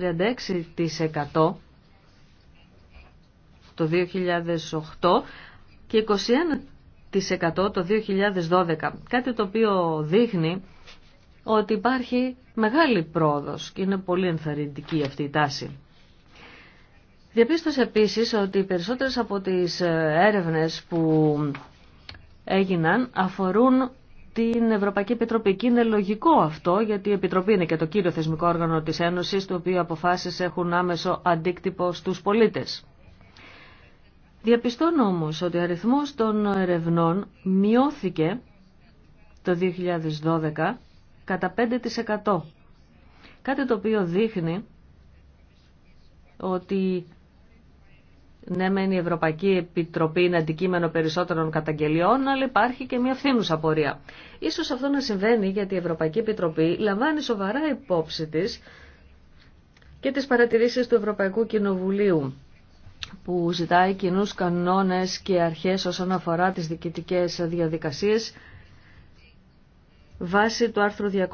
36% το 2008 και 21% το 2012, κάτι το οποίο δείχνει ότι υπάρχει μεγάλη πρόοδος και είναι πολύ ενθαρρυντική αυτή η τάση. Διαπίστωσε επίσης ότι οι περισσότερες από τις ε, έρευνες που έγιναν αφορούν την Ευρωπαϊκή Επιτροπή. Και είναι λογικό αυτό, γιατί η Επιτροπή είναι και το κύριο θεσμικό όργανο της Ένωσης, το οποίο αποφάσεις έχουν άμεσο αντίκτυπο στους πολίτες. Διαπιστώνω όμως ότι ο αριθμός των ερευνών μειώθηκε το 2012 κατά 5%. Κάτι το οποίο δείχνει ότι ναι, μεν η Ευρωπαϊκή Επιτροπή είναι αντικείμενο περισσότερων καταγγελιών, αλλά υπάρχει και μια φθήνουσα πορεία. Ίσως αυτό να συμβαίνει γιατί η Ευρωπαϊκή Επιτροπή λαμβάνει σοβαρά υπόψη της και τις παρατηρήσεις του Ευρωπαϊκού Κοινοβουλίου που ζητάει κοινού κανόνες και αρχές όσον αφορά τις διοικητικές διαδικασίες βάσει του άρθρου 298.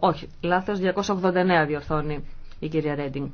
Όχι, λάθος, 289 διορθώνει η κυρία Ρέντινγκ.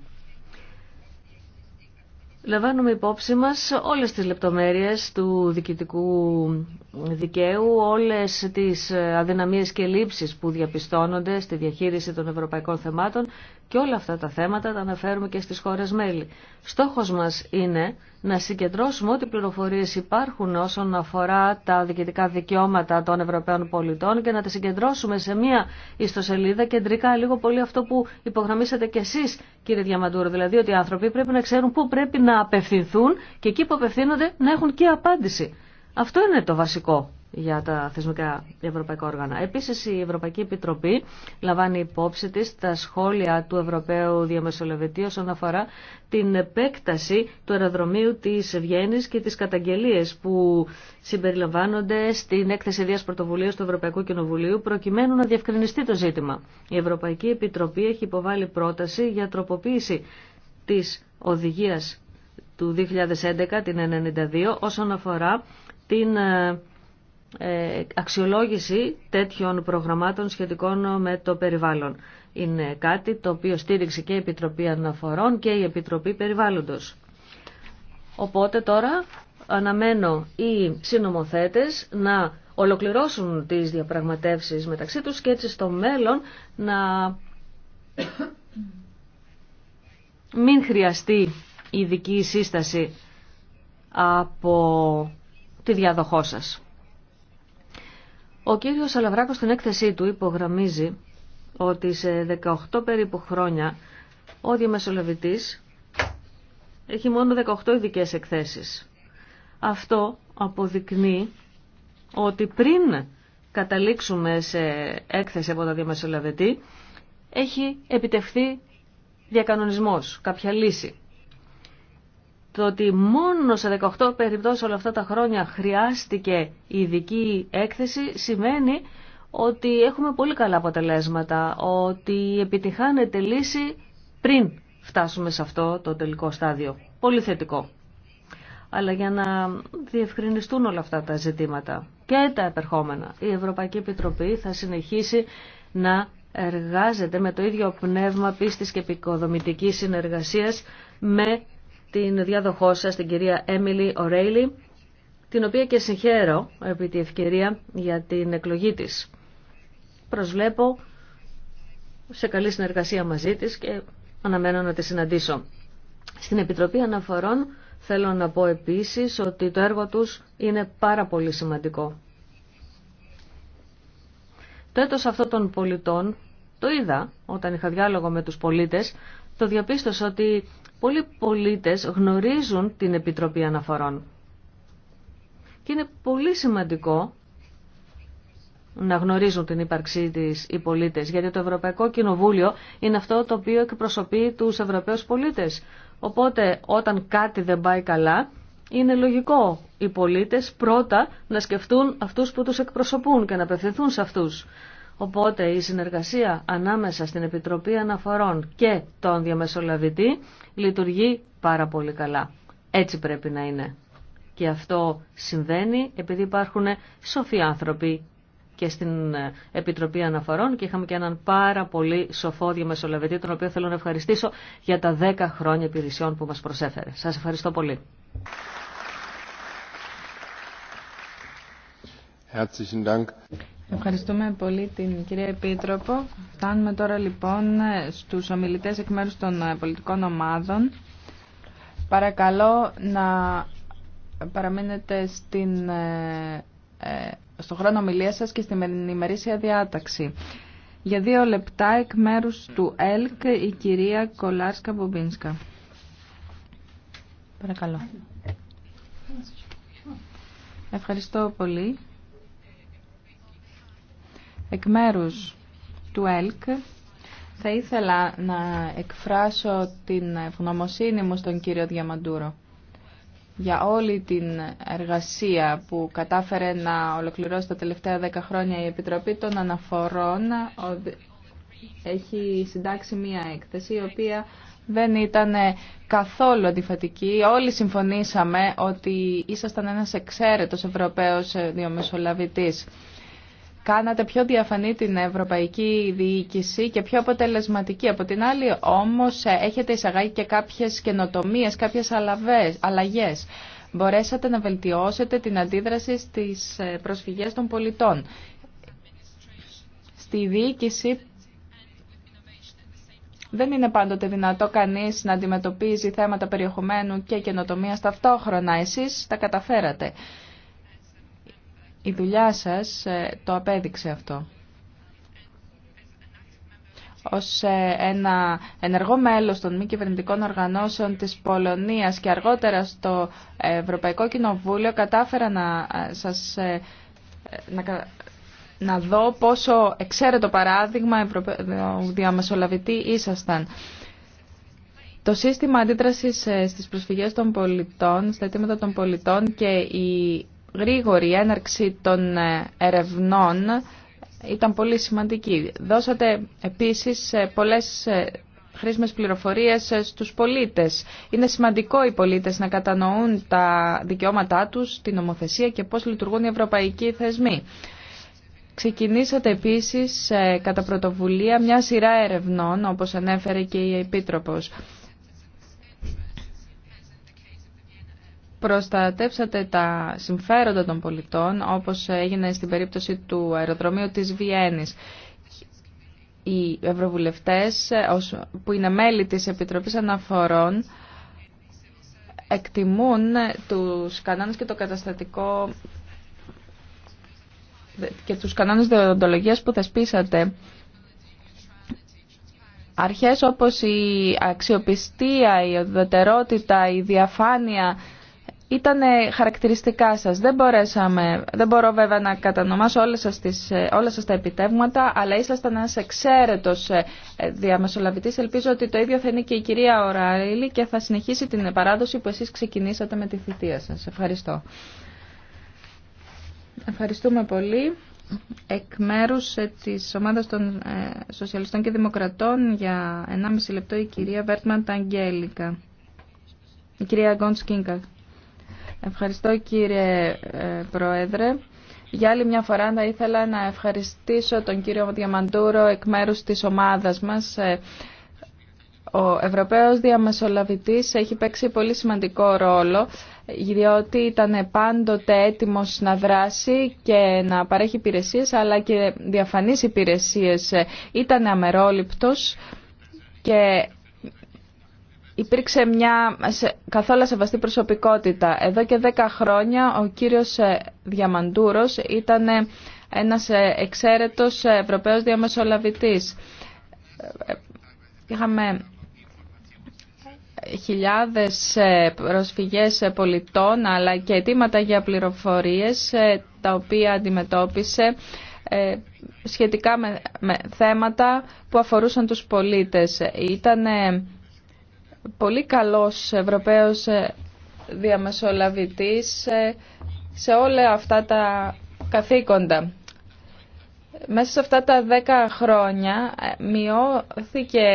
Λαμβάνουμε υπόψη μας όλες τις λεπτομέρειες του διοικητικού δικαίου, όλες τις αδυναμίες και λήψεις που διαπιστώνονται στη διαχείριση των ευρωπαϊκών θεμάτων και όλα αυτά τα θέματα τα αναφέρουμε και στις χώρες μέλη. Στόχος μας είναι να συγκεντρώσουμε ό,τι πληροφορίες υπάρχουν όσον αφορά τα διοικητικά δικαιώματα των Ευρωπαίων πολιτών και να τα συγκεντρώσουμε σε μία ιστοσελίδα κεντρικά λίγο πολύ αυτό που υπογραμμίσατε κι εσείς κύριε Διαμαντούρο. Δηλαδή ότι οι άνθρωποι πρέπει να ξέρουν πού πρέπει να απευθυνθούν και εκεί που απευθύνονται να έχουν και απάντηση. Αυτό είναι το βασικό για τα θεσμικά ευρωπαϊκά όργανα. Επίσης η Ευρωπαϊκή Επιτροπή λαμβάνει υπόψη της τα σχόλια του Ευρωπαίου Διαμεσολαβητή όσον αφορά την επέκταση του αεροδρομίου της Βιέννης και τις καταγγελίες που συμπεριλαμβάνονται στην έκθεση Δίας Πρωτοβουλίας του Ευρωπαϊκού Κοινοβουλίου προκειμένου να διευκρινιστεί το ζήτημα. Η Ευρωπαϊκή Επιτροπή έχει υποβάλει πρόταση για τροποποίηση της οδηγίας του 2011, την 92, όσον αφορά την ε, ε, αξιολόγηση τέτοιων προγραμμάτων σχετικών με το περιβάλλον. Είναι κάτι το οποίο στήριξε και η Επιτροπή Αναφορών και η Επιτροπή Περιβάλλοντος. Οπότε τώρα αναμένω οι συνομοθέτες να ολοκληρώσουν τις διαπραγματεύσεις μεταξύ τους και έτσι στο μέλλον να (coughs) μην χρειαστεί ειδική σύσταση από τη διαδοχό σας. Ο κύριος Αλαβράκος στην έκθεσή του υπογραμμίζει ότι σε 18 περίπου χρόνια ο διαμεσολαβητής έχει μόνο 18 ειδικέ εκθέσεις. Αυτό αποδεικνύει ότι πριν καταλήξουμε σε έκθεση από το διαμεσολαβητή έχει επιτευχθεί διακανονισμός, κάποια λύση το ότι μόνο σε 18 περιπτώσεις όλα αυτά τα χρόνια χρειάστηκε η ειδική έκθεση σημαίνει ότι έχουμε πολύ καλά αποτελέσματα, ότι επιτυχάνεται λύση πριν φτάσουμε σε αυτό το τελικό στάδιο. Πολύ θετικό. Αλλά για να διευκρινιστούν όλα αυτά τα ζητήματα και τα επερχόμενα, η Ευρωπαϊκή Επιτροπή θα συνεχίσει να εργάζεται με το ίδιο πνεύμα πίστης και επικοδομητικής συνεργασίας με την διάδοχό σας, την κυρία Έμιλι Ορέιλι, την οποία και συγχαίρω επί τη ευκαιρία για την εκλογή της. Προσβλέπω σε καλή συνεργασία μαζί της και αναμένω να τη συναντήσω. Στην Επιτροπή Αναφορών θέλω να πω επίσης ότι το έργο τους είναι πάρα πολύ σημαντικό. Το έτος αυτών των πολιτών το είδα όταν είχα διάλογο με τους πολίτες, το διαπίστωσα ότι Πολλοί πολίτες γνωρίζουν την Επιτροπή Αναφορών. Και είναι πολύ σημαντικό να γνωρίζουν την ύπαρξή της οι πολίτες, γιατί το Ευρωπαϊκό Κοινοβούλιο είναι αυτό το οποίο εκπροσωπεί τους Ευρωπαίους πολίτες. Οπότε όταν κάτι δεν πάει καλά, είναι λογικό οι πολίτες πρώτα να σκεφτούν αυτούς που τους εκπροσωπούν και να απευθυνθούν σε αυτούς. Οπότε η συνεργασία ανάμεσα στην Επιτροπή Αναφορών και τον διαμεσολαβητή λειτουργεί πάρα πολύ καλά. Έτσι πρέπει να είναι. Και αυτό συμβαίνει επειδή υπάρχουν σοφοί άνθρωποι και στην ε, Επιτροπή Αναφορών και είχαμε και έναν πάρα πολύ σοφό διαμεσολαβητή, τον οποίο θέλω να ευχαριστήσω για τα 10 χρόνια υπηρεσιών που μας προσέφερε. Σας ευχαριστώ πολύ. Ευχαριστούμε πολύ την κυρία Επίτροπο. Φτάνουμε τώρα λοιπόν στους ομιλητές εκ μέρους των ε, πολιτικών ομάδων. Παρακαλώ να παραμείνετε στην, ε, ε, στο χρόνο ομιλίας σας και στην ημερήσια διάταξη. Για δύο λεπτά εκ μέρους του ΕΛΚ η κυρία Κολάρσκα Μπομπίνσκα. Παρακαλώ. Ευχαριστώ πολύ. Εκ μέρους του ΕΛΚ θα ήθελα να εκφράσω την ευγνωμοσύνη μου στον κύριο Διαμαντούρο για όλη την εργασία που κατάφερε να ολοκληρώσει τα τελευταία δέκα χρόνια η Επιτροπή των Αναφορών έχει συντάξει μία έκθεση η οποία δεν ήταν καθόλου αντιφατική. Όλοι συμφωνήσαμε ότι ήσασταν ένας εξαίρετος Ευρωπαίος ε, διομεσολαβητής κάνατε πιο διαφανή την ευρωπαϊκή διοίκηση και πιο αποτελεσματική. Από την άλλη όμως ε, έχετε εισαγάγει και κάποιες καινοτομίε, κάποιες αλλαγές. Μπορέσατε να βελτιώσετε την αντίδραση στις ε, προσφυγές των πολιτών. Στη διοίκηση δεν είναι πάντοτε δυνατό κανείς να αντιμετωπίζει θέματα περιεχομένου και καινοτομία. ταυτόχρονα. Εσείς τα καταφέρατε. Η δουλειά σας ε, το απέδειξε αυτό. Ως ε, ένα ενεργό μέλος των μη κυβερνητικών οργανώσεων της Πολωνίας και αργότερα στο Ευρωπαϊκό Κοινοβούλιο κατάφερα να ε, σας να, να δω πόσο εξαίρετο παράδειγμα διαμεσολαβητή ήσασταν. Το σύστημα αντίδρασης στις προσφυγές των πολιτών, στα αιτήματα των πολιτών και η γρήγορη έναρξη των ε, ερευνών ήταν πολύ σημαντική. Δώσατε επίσης ε, πολλές ε, χρήσιμες πληροφορίες στους πολίτες. Είναι σημαντικό οι πολίτες να κατανοούν τα δικαιώματά τους, την νομοθεσία και πώς λειτουργούν οι ευρωπαϊκοί θεσμοί. Ξεκινήσατε επίσης κατά πρωτοβουλία μια σειρά ερευνών, όπως ανέφερε και η Επίτροπος. προστατεύσατε τα συμφέροντα των πολιτών, όπως έγινε στην περίπτωση του αεροδρομίου της Βιέννης. Οι ευρωβουλευτές που είναι μέλη της Επιτροπής Αναφορών εκτιμούν τους κανόνες και το καταστατικό και τους κανόνες δεοντολογίας που θεσπίσατε. Αρχές όπως η αξιοπιστία, η οδετερότητα, η διαφάνεια ήταν χαρακτηριστικά σας. Δεν, μπορέσαμε, δεν μπορώ βέβαια να κατανομάσω όλα σας, τις, ε, όλα σας τα επιτεύγματα, αλλά ήσασταν ένας εξαίρετος ε, ε, διαμεσολαβητής. Ελπίζω ότι το ίδιο θα είναι και η κυρία Ωραίλη και θα συνεχίσει την παράδοση που εσείς ξεκινήσατε με τη θητεία σας. Ευχαριστώ. Ευχαριστούμε πολύ. Εκ μέρου τη ομάδα των Σοσιαλιστών και Δημοκρατών για 1,5 λεπτό η κυρία Βέρτμαντ Αγγέλικα. Η κυρία Γκοντ Κίνκα. Ευχαριστώ κύριε ε, Πρόεδρε. Για άλλη μια φορά θα ήθελα να ευχαριστήσω τον κύριο Διαμαντούρο εκ μέρους της ομάδας μας. Ε, ο Ευρωπαίος Διαμεσολαβητής έχει παίξει πολύ σημαντικό ρόλο διότι ήταν πάντοτε έτοιμος να δράσει και να παρέχει υπηρεσίες αλλά και διαφανείς υπηρεσίες. Ε, ήταν αμερόληπτος και υπήρξε μια καθόλου σεβαστή προσωπικότητα. Εδώ και δέκα χρόνια ο κύριος ε, Διαμαντούρος ήταν ε, ένας ε, εξαίρετος Ευρωπαίος διαμεσολαβητής. Είχαμε χιλιάδες προσφυγές πολιτών αλλά και αιτήματα για πληροφορίες τα οποία αντιμετώπισε σχετικά με θέματα που αφορούσαν τους πολίτες. Ήτανε πολύ καλός Ευρωπαίος ε, διαμεσολαβητής ε, σε όλα αυτά τα καθήκοντα. Μέσα σε αυτά τα δέκα χρόνια ε, μειώθηκε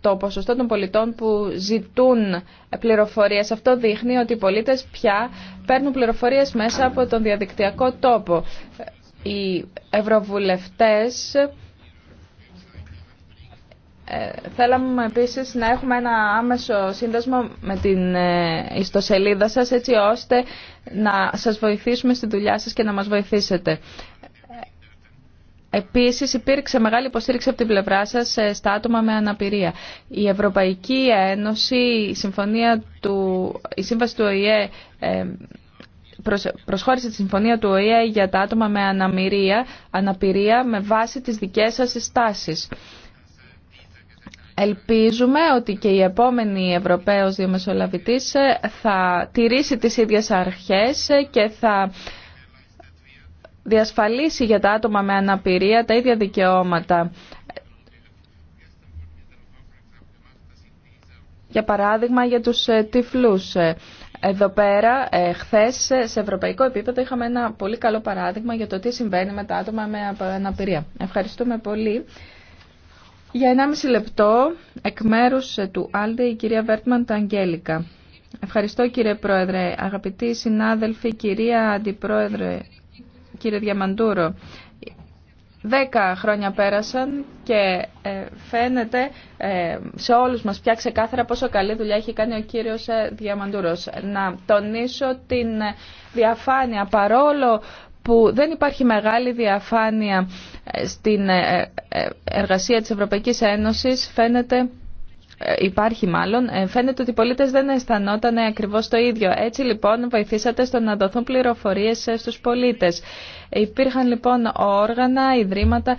το ποσοστό των πολιτών που ζητούν πληροφορίες. Αυτό δείχνει ότι οι πολίτες πια παίρνουν πληροφορίες μέσα από τον διαδικτυακό τόπο. Οι ευρωβουλευτές ε, θέλαμε επίσης να έχουμε ένα άμεσο σύνδεσμο με την ε, ιστοσελίδα σας έτσι ώστε να σας βοηθήσουμε στη δουλειά σας και να μας βοηθήσετε. Ε, επίσης υπήρξε μεγάλη υποστήριξη από την πλευρά σας στα άτομα με αναπηρία. Η Ευρωπαϊκή Ένωση, η, συμφωνία του, η Σύμβαση του ΟΗΕ προσχώρησε τη συμφωνία του ΟΗΕ για τα άτομα με αναπηρία, αναπηρία με βάση τις δικές σας συστάσεις. Ελπίζουμε ότι και η επόμενη Ευρωπαίος Διομεσολαβητής ε, θα τηρήσει τις ίδιες αρχές και θα διασφαλίσει για τα άτομα με αναπηρία τα ίδια δικαιώματα. Για παράδειγμα για τους ε, τυφλούς. Ε, εδώ πέρα, χθες σε ευρωπαϊκό επίπεδο είχαμε ένα πολύ καλό παράδειγμα για το τι συμβαίνει με τα άτομα με αναπηρία. Ευχαριστούμε πολύ. Για 1,5 λεπτό, εκ μέρου ε, του Άλντε, η κυρία Βέρτμαν Αγγέλικα. Ευχαριστώ κύριε Πρόεδρε, αγαπητοί συνάδελφοι, κυρία Αντιπρόεδρε, κύριε Διαμαντούρο. Δέκα χρόνια πέρασαν και ε, φαίνεται ε, σε όλους μας πια ξεκάθαρα πόσο καλή δουλειά έχει κάνει ο κύριος Διαμαντούρος. Να τονίσω την διαφάνεια παρόλο που δεν υπάρχει μεγάλη διαφάνεια ε, στην ε, ε, εργασία της Ευρωπαϊκής Ένωσης φαίνεται υπάρχει μάλλον, φαίνεται ότι οι πολίτες δεν αισθανόταν ακριβώς το ίδιο. Έτσι λοιπόν βοηθήσατε στο να δοθούν πληροφορίες στους πολίτες. Υπήρχαν λοιπόν όργανα, ιδρύματα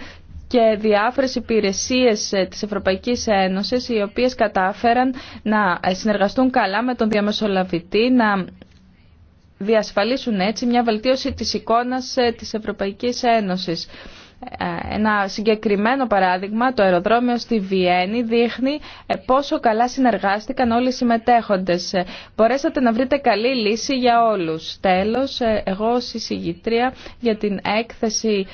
και διάφορες υπηρεσίες της Ευρωπαϊκής Ένωσης οι οποίες κατάφεραν να συνεργαστούν καλά με τον διαμεσολαβητή, να διασφαλίσουν έτσι μια βελτίωση της εικόνας ε, της Ευρωπαϊκής Ένωσης. Ε, ένα συγκεκριμένο παράδειγμα, το αεροδρόμιο στη Βιέννη δείχνει ε, πόσο καλά συνεργάστηκαν όλοι οι συμμετέχοντες. Μπορέσατε να βρείτε καλή λύση για όλους. Τέλος, εγώ ως εισηγητρία για την έκθεση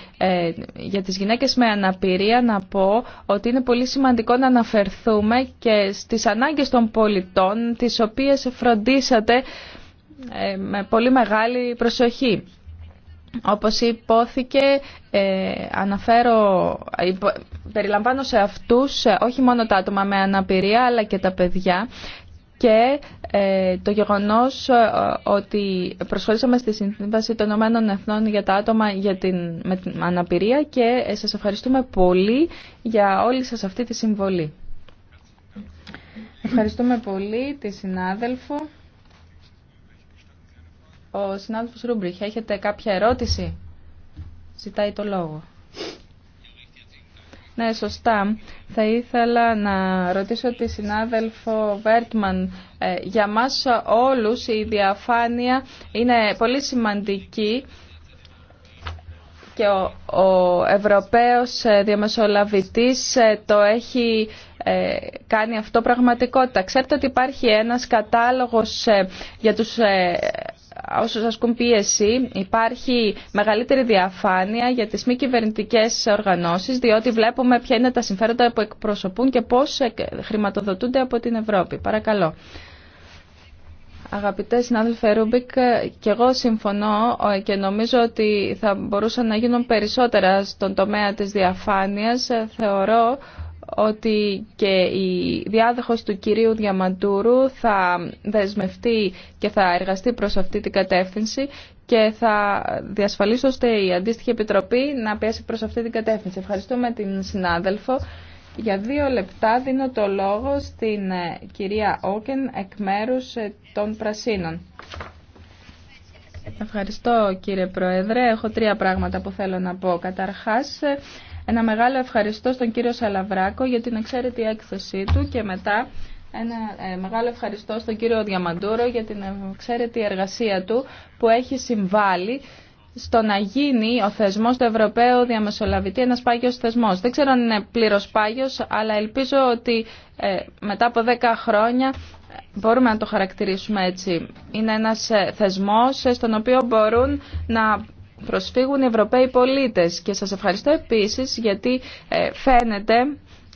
για τις γυναίκες με αναπηρία να πω ότι είναι πολύ σημαντικό να αναφερθούμε και στις ανάγκες των πολιτών τις οποίες φροντίσατε ε, με πολύ μεγάλη προσοχή. Όπως υπόθηκε, ε, αναφέρω, υπο, περιλαμβάνω σε αυτούς ε, όχι μόνο τα άτομα με αναπηρία αλλά και τα παιδιά και ε, το γεγονός ότι προσχωρήσαμε στη Σύμβαση των Ηνωμένων Εθνών για τα άτομα για την, με αναπηρία και σας ευχαριστούμε πολύ για όλη σας αυτή τη συμβολή. Ευχαριστούμε πολύ τη συνάδελφο. Ο συνάδελφος Ρούμπριχ, έχετε κάποια ερώτηση? Ζητάει το λόγο. Ναι, σωστά. Θα ήθελα να ρωτήσω τη συνάδελφο Βέρτμαν. Ε, για μας όλους η διαφάνεια είναι πολύ σημαντική και ο, ο Ευρωπαίος διαμεσολαβητής ε, το έχει ε, κάνει αυτό πραγματικότητα. Ξέρετε ότι υπάρχει ένας κατάλογος για τους όσους ασκούν πίεση υπάρχει μεγαλύτερη διαφάνεια για τις μη κυβερνητικέ οργανώσεις διότι βλέπουμε ποια είναι τα συμφέροντα που εκπροσωπούν και πώς χρηματοδοτούνται από την Ευρώπη. Παρακαλώ. Αγαπητέ συνάδελφε Ρούμπικ, και εγώ συμφωνώ ε, και νομίζω ότι θα μπορούσαν να γίνουν περισσότερα στον τομέα της διαφάνειας. Ε, θεωρώ ότι και η διάδοχος του κυρίου Διαμαντούρου θα δεσμευτεί και θα εργαστεί προς αυτή την κατεύθυνση και θα διασφαλίσω ώστε η αντίστοιχη επιτροπή να πέσει προς αυτή την κατεύθυνση. Ευχαριστούμε την συνάδελφο. Για δύο λεπτά δίνω το λόγο στην ε, κυρία Όκεν εκ μέρους ε, των Πρασίνων. Ευχαριστώ κύριε Πρόεδρε. Έχω τρία πράγματα που θέλω να πω. Καταρχάς, ε, ένα μεγάλο ευχαριστώ στον κύριο Σαλαβράκο για την εξαίρετη έκθεσή του και μετά ένα ε, μεγάλο ευχαριστώ στον κύριο Διαμαντούρο για την εξαίρετη εργασία του που έχει συμβάλει στο να γίνει ο θεσμός του Ευρωπαίου Διαμεσολαβητή ένας πάγιος θεσμός. Δεν ξέρω αν είναι πλήρως πάγιος, αλλά ελπίζω ότι ε, μετά από 10 χρόνια ε, μπορούμε να το χαρακτηρίσουμε έτσι. Είναι ένας θεσμός στον οποίο μπορούν να προσφύγουν οι Ευρωπαίοι πολίτες και σας ευχαριστώ επίσης γιατί ε, φαίνεται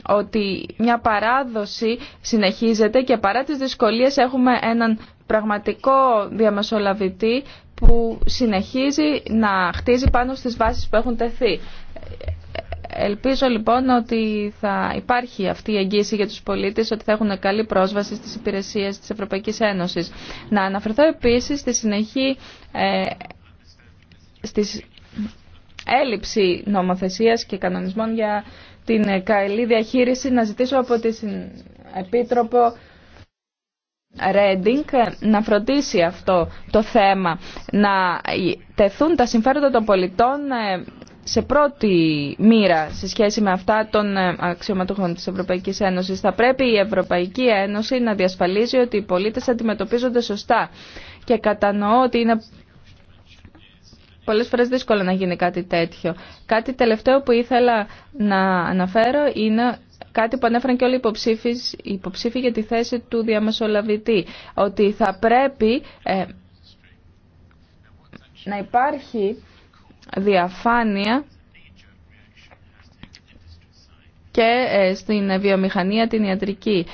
ότι μια παράδοση συνεχίζεται και παρά τις δυσκολίες έχουμε έναν πραγματικό διαμεσολαβητή που συνεχίζει να χτίζει πάνω στις βάσεις που έχουν τεθεί. Ελπίζω λοιπόν ότι θα υπάρχει αυτή η εγγύηση για τους πολίτες ότι θα έχουν καλή πρόσβαση στις υπηρεσίες της Ευρωπαϊκής Ένωσης. Να αναφερθώ επίσης στη συνεχή ε, στις έλλειψη νομοθεσίας και κανονισμών για την καλή διαχείριση να ζητήσω από την Επίτροπο Ρέντινγκ να φροντίσει αυτό το θέμα, να τεθούν τα συμφέροντα των πολιτών ε, σε πρώτη μοίρα σε σχέση με αυτά των ε, αξιωματούχων της Ευρωπαϊκής Ένωσης. Θα πρέπει η Ευρωπαϊκή Ένωση να διασφαλίζει ότι οι πολίτες αντιμετωπίζονται σωστά και κατανοώ ότι είναι πολλές φορές δύσκολο να γίνει κάτι τέτοιο. Κάτι τελευταίο που ήθελα να αναφέρω είναι κάτι που ανέφεραν και όλοι οι υποψήφοι για τη θέση του διαμεσολαβητή. Ότι θα πρέπει ε, να υπάρχει διαφάνεια και ε, στην βιομηχανία την ιατρική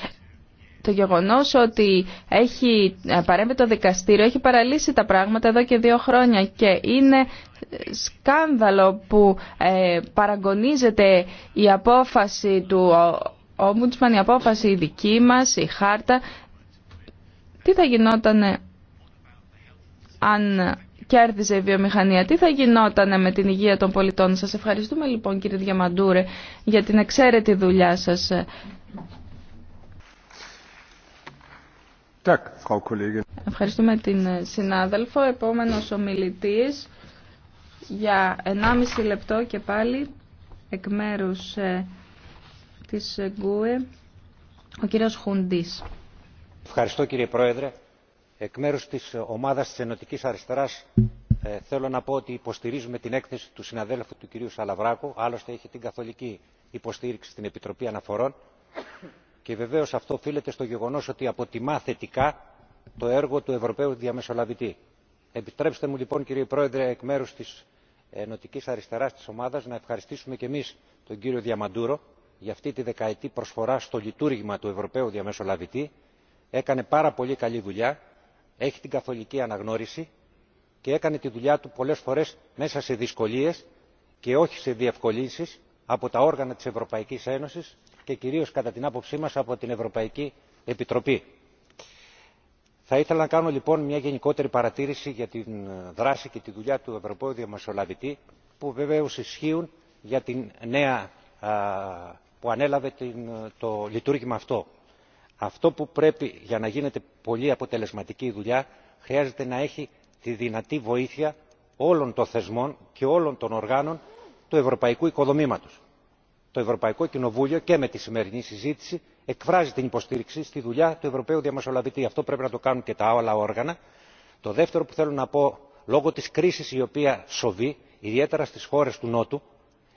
το γεγονός ότι έχει ε, παρέμβει το δικαστήριο έχει παραλύσει τα πράγματα εδώ και δύο χρόνια και είναι σκάνδαλο που ε, παραγωνίζεται η απόφαση του Ομπούτσμαν, η απόφαση η δική μας, η χάρτα. Τι θα γινόταν αν κέρδιζε η βιομηχανία, τι θα γινόταν με την υγεία των πολιτών. Σας ευχαριστούμε λοιπόν κύριε Διαμαντούρε για την εξαίρετη δουλειά σας Ευχαριστούμε την συνάδελφο. Επόμενος ομιλητή για 1,5 λεπτό και πάλι εκ μέρους ε, τη ΓΚΟΕ, ο κύριος Χουντή. Ευχαριστώ κύριε Πρόεδρε. Εκ μέρου τη ομάδα τη Ενωτική Αριστερά ε, θέλω να πω ότι υποστηρίζουμε την έκθεση του συναδέλφου του κυρίου Σαλαβράκου, άλλωστε έχει την καθολική υποστήριξη στην Επιτροπή Αναφορών και βεβαίω αυτό οφείλεται στο γεγονό ότι αποτιμά θετικά το έργο του ευρωπαίου διαμεσολαβητή. επιτρέψτε μου λοιπόν κύριε πρόεδρε εκ μέρου τη ενωτική αριστερά τη ομάδα να ευχαριστήσουμε και εμεί τον κύριο διαμαντούρο για αυτή τη δεκαετή προσφορά στο λειτουργήμα του ευρωπαίου διαμεσολαβητή. έκανε πάρα πολύ καλή δουλειά έχει την καθολική αναγνώριση και έκανε τη δουλειά του πολλέ φορέ μέσα σε δυσκολίε και όχι σε διευκολύνσει από τα όργανα τη ευρωπαϊκή ένωση και κυρίως κατά την άποψή μας από την Ευρωπαϊκή Επιτροπή. Θα ήθελα να κάνω λοιπόν μια γενικότερη παρατήρηση για τη ε, δράση και τη δουλειά του Ευρωπαίου Διαμεσολαβητή που βεβαίως ισχύουν για την νέα που ανέλαβε ε, το λειτουργήμα αυτό. Αυτό που πρέπει για να γίνεται πολύ αποτελεσματική η δουλειά χρειάζεται να έχει τη δυνατή βοήθεια όλων των θεσμών και όλων των οργάνων του ευρωπαϊκού οικοδομήματος το ευρωπαϊκό κοινοβούλιο και με τη σημερινή συζήτηση εκφράζει την υποστήριξη στη δουλειά του ευρωπαίου διαμεσολαβητή. αυτό πρέπει να το κάνουν και τα άλλα όργανα. το δεύτερο που θέλω να πω λόγω τη κρίση η οποία σοβεί ιδιαίτερα στι χώρε του νότου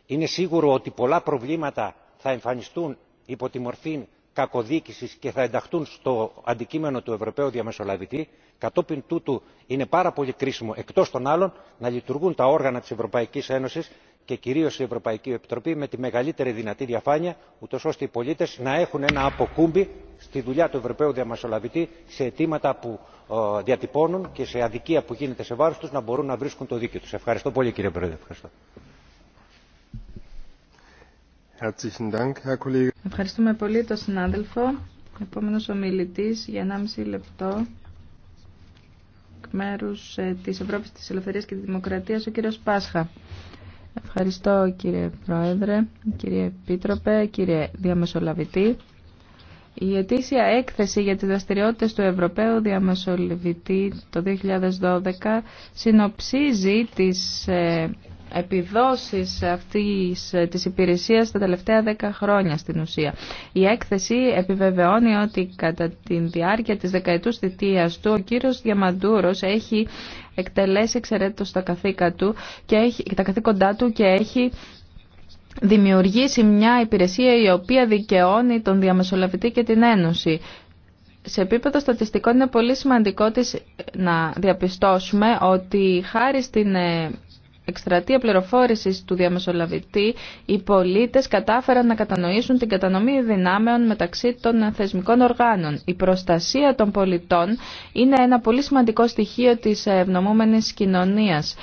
είναι σίγουρο ότι πολλά προβλήματα θα εμφανιστούν υπό τη μορφή κακοδίκηση και θα ενταχθούν στο αντικείμενο του ευρωπαίου διαμεσολαβητή. κατόπιν τούτου είναι πάρα πολύ κρίσιμο εκτό των άλλων να λειτουργούν τα όργανα τη Ευρωπαϊκή Ένωση και κυρίω η Ευρωπαϊκή Επιτροπή με τη μεγαλύτερη δυνατή διαφάνεια, ούτω ώστε οι πολίτε να έχουν ένα αποκούμπι στη δουλειά του Ευρωπαίου Διαμεσολαβητή, σε αιτήματα που ε, διατυπώνουν και σε αδικία που γίνεται σε βάρο του να μπορούν να βρίσκουν το δίκαιο του. Ευχαριστώ πολύ κύριε Πρόεδρε. Ευχαριστώ. Ευχαριστούμε πολύ τον συνάδελφο. επόμενο ομιλητή για 1,5 λεπτό μέρους ε, της Ευρώπης της και της ο κύριο Πάσχα. Ευχαριστώ κύριε Πρόεδρε, κύριε Επίτροπε, κύριε Διαμεσολαβητή. Η ετήσια έκθεση για τις δραστηριότητες του Ευρωπαίου Διαμεσολαβητή το 2012 συνοψίζει τις ε, επιδόσεις αυτής ε, της υπηρεσίας τα τελευταία 10 χρόνια στην ουσία. Η έκθεση επιβεβαιώνει ότι κατά τη διάρκεια της δεκαετούς θητείας του ο κύριος Διαμαντούρος έχει εκτελέσει εξαιρέτως τα, του και τα καθήκοντά του και έχει δημιουργήσει μια υπηρεσία η οποία δικαιώνει τον διαμεσολαβητή και την Ένωση. Σε επίπεδο στατιστικών είναι πολύ σημαντικό να διαπιστώσουμε ότι χάρη στην ε, εκστρατεία πληροφόρηση του διαμεσολαβητή, οι πολίτες κατάφεραν να κατανοήσουν την κατανομή δυνάμεων μεταξύ των θεσμικών οργάνων. Η προστασία των πολιτών είναι ένα πολύ σημαντικό στοιχείο της ευνομούμενη κοινωνίας.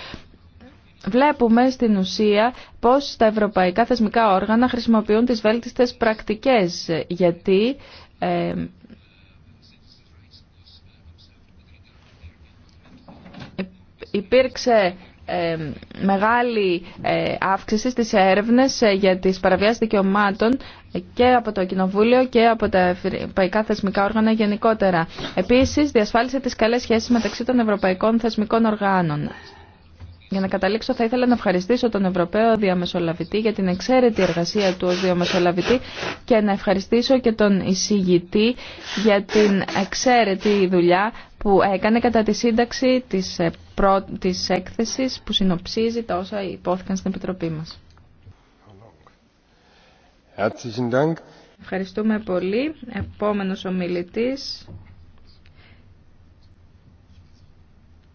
Βλέπουμε στην ουσία πώς τα ευρωπαϊκά θεσμικά όργανα χρησιμοποιούν τις βέλτιστες πρακτικές, γιατί ε, ε, υπήρξε μεγάλη ε, αύξηση στις έρευνες ε, για τις παραβιάσεις δικαιωμάτων και από το Κοινοβούλιο και από τα ευρωπαϊκά θεσμικά όργανα γενικότερα. Επίσης, διασφάλισε τις καλές σχέσεις μεταξύ των ευρωπαϊκών θεσμικών οργάνων. Για να καταλήξω θα ήθελα να ευχαριστήσω τον Ευρωπαίο Διαμεσολαβητή για την εξαίρετη εργασία του ως Διαμεσολαβητή και να ευχαριστήσω και τον εισηγητή για την εξαίρετη δουλειά που έκανε κατά τη σύνταξη της, ε, προ... της έκθεσης που συνοψίζει τα όσα υπόθηκαν στην Επιτροπή μας. Ευχαριστούμε πολύ. Επόμενος ομιλητής,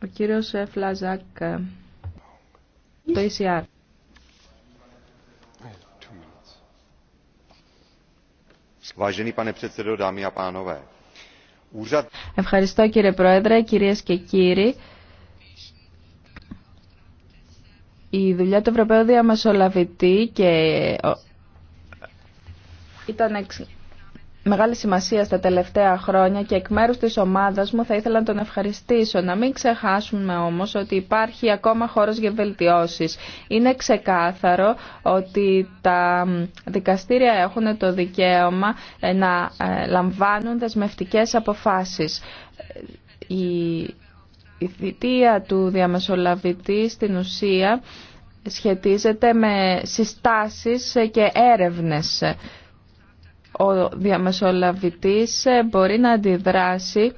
ο κύριος Φλαζάκ, ε, το ECR. Vážený pane předsedo, dámy a Ευχαριστώ κύριε Πρόεδρε, κυρίες και κύριοι. Η δουλειά του Ευρωπαίου Διαμεσολαβητή και ήταν μεγάλη σημασία στα τελευταία χρόνια και εκ μέρους της ομάδας μου θα ήθελα να τον ευχαριστήσω. Να μην ξεχάσουμε όμως ότι υπάρχει ακόμα χώρος για βελτιώσεις. Είναι ξεκάθαρο ότι τα δικαστήρια έχουν το δικαίωμα ε, να ε, λαμβάνουν δεσμευτικές αποφάσεις. Η θητεία του διαμεσολαβητή στην ουσία σχετίζεται με συστάσεις και έρευνες ο διαμεσολαβητής ε, μπορεί να αντιδράσει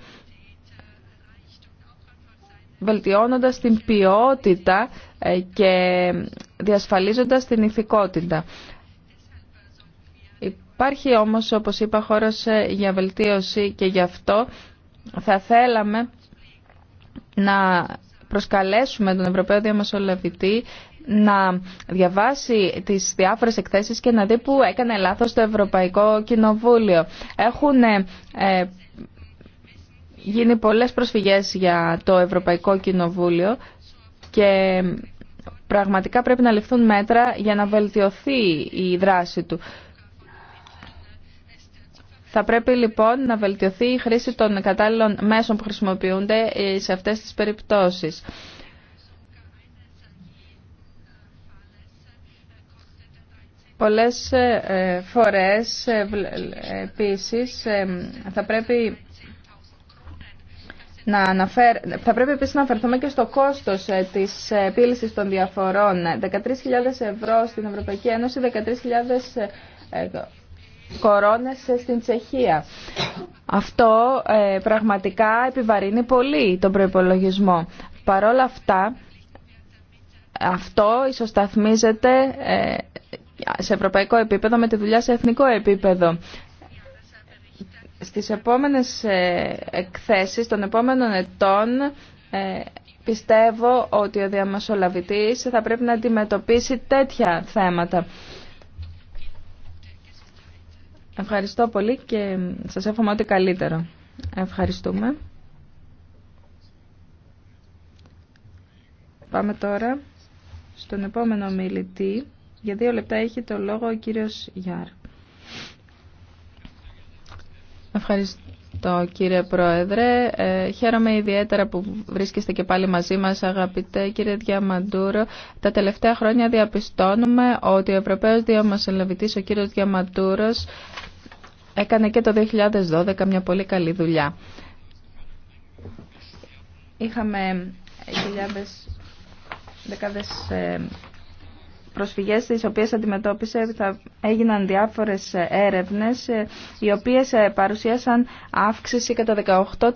βελτιώνοντας την ποιότητα ε, και διασφαλίζοντας την ηθικότητα. Υπάρχει όμως, όπως είπα, χώρος ε, για βελτίωση και γι' αυτό θα θέλαμε να προσκαλέσουμε τον Ευρωπαίο Διαμεσολαβητή να διαβάσει τις διάφορες εκθέσεις και να δει που έκανε λάθος το Ευρωπαϊκό Κοινοβούλιο. Έχουν ε, ε, γίνει πολλές προσφυγές για το Ευρωπαϊκό Κοινοβούλιο και πραγματικά πρέπει να ληφθούν μέτρα για να βελτιωθεί η δράση του. Θα πρέπει λοιπόν να βελτιωθεί η χρήση των κατάλληλων μέσων που χρησιμοποιούνται ε, σε αυτές τις περιπτώσεις. Πολλές ε, ε, φορές ε, επίσης θα πρέπει να αναφέρ... Θα πρέπει επίσης να αναφερθούμε και στο κόστος της επίλυσης των διαφορών. 13.000 ευρώ στην Ευρωπαϊκή Ένωση, 13.000 κορώνες στην Τσεχία. Αυτό πραγματικά επιβαρύνει πολύ τον προϋπολογισμό. Παρόλα αυτά, αυτό ισοσταθμίζεται σε ευρωπαϊκό επίπεδο με τη δουλειά σε εθνικό επίπεδο. Στις επόμενες ε, εκθέσεις των επόμενων ετών ε, πιστεύω ότι ο διαμεσολαβητής θα πρέπει να αντιμετωπίσει τέτοια θέματα. Ευχαριστώ πολύ και σας εύχομαι ό,τι καλύτερο. Ευχαριστούμε. Πάμε τώρα στον επόμενο μιλητή. Για δύο λεπτά έχει το λόγο ο κύριος Γιάρ. Ευχαριστώ κύριε Πρόεδρε. Ε, χαίρομαι ιδιαίτερα που βρίσκεστε και πάλι μαζί μας αγαπητέ κύριε Διαμαντούρο. Τα τελευταία χρόνια διαπιστώνουμε ότι ο Ευρωπαίος Διαμασελαβητής ο κύριος Διαμαντούρος έκανε και το 2012 μια πολύ καλή δουλειά. Είχαμε χιλιάδες, δεκάδες ε, προσφυγές τις οποίες αντιμετώπισε θα έγιναν διάφορες έρευνες ε, οι οποίες ε, παρουσίασαν αύξηση κατά 18%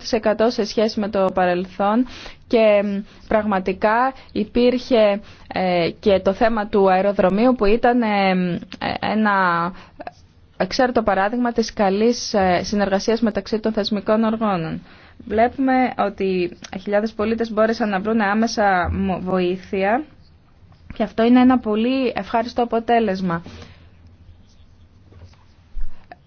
σε σχέση με το παρελθόν και πραγματικά υπήρχε ε, και το θέμα του αεροδρομίου που ήταν ένα το παράδειγμα της καλής συνεργασίας μεταξύ των θεσμικών οργάνων. Βλέπουμε ότι χιλιάδες πολίτες μπόρεσαν να βρουν άμεσα βοήθεια και αυτό είναι ένα πολύ ευχάριστο αποτέλεσμα.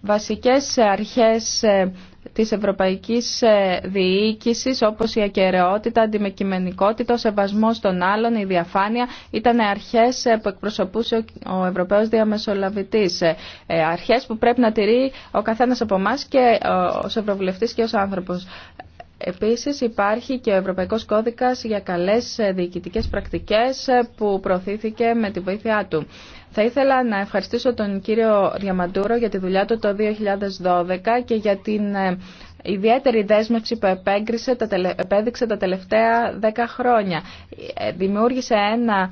Βασικές αρχές ε, της ευρωπαϊκής ε, διοίκησης όπως η ακαιρεότητα, αντιμεκειμενικότητα, ο σεβασμός των άλλων, η διαφάνεια ήταν αρχές ε, που εκπροσωπούσε ο Ευρωπαίος Διαμεσολαβητής. Αρχές που πρέπει να τηρεί ο καθένας από εμά και ο Ευρωβουλευτής και ως άνθρωπος. Επίσης υπάρχει και ο Ευρωπαϊκός Κώδικας για καλές ε, διοικητικές πρακτικές ε, που προωθήθηκε με τη βοήθειά του. Θα ήθελα να ευχαριστήσω τον κύριο Διαμαντούρο για τη δουλειά του το 2012 και για την ε, ιδιαίτερη δέσμευση που επέδειξε τα τελευταία 10 χρόνια. Δημιούργησε ένα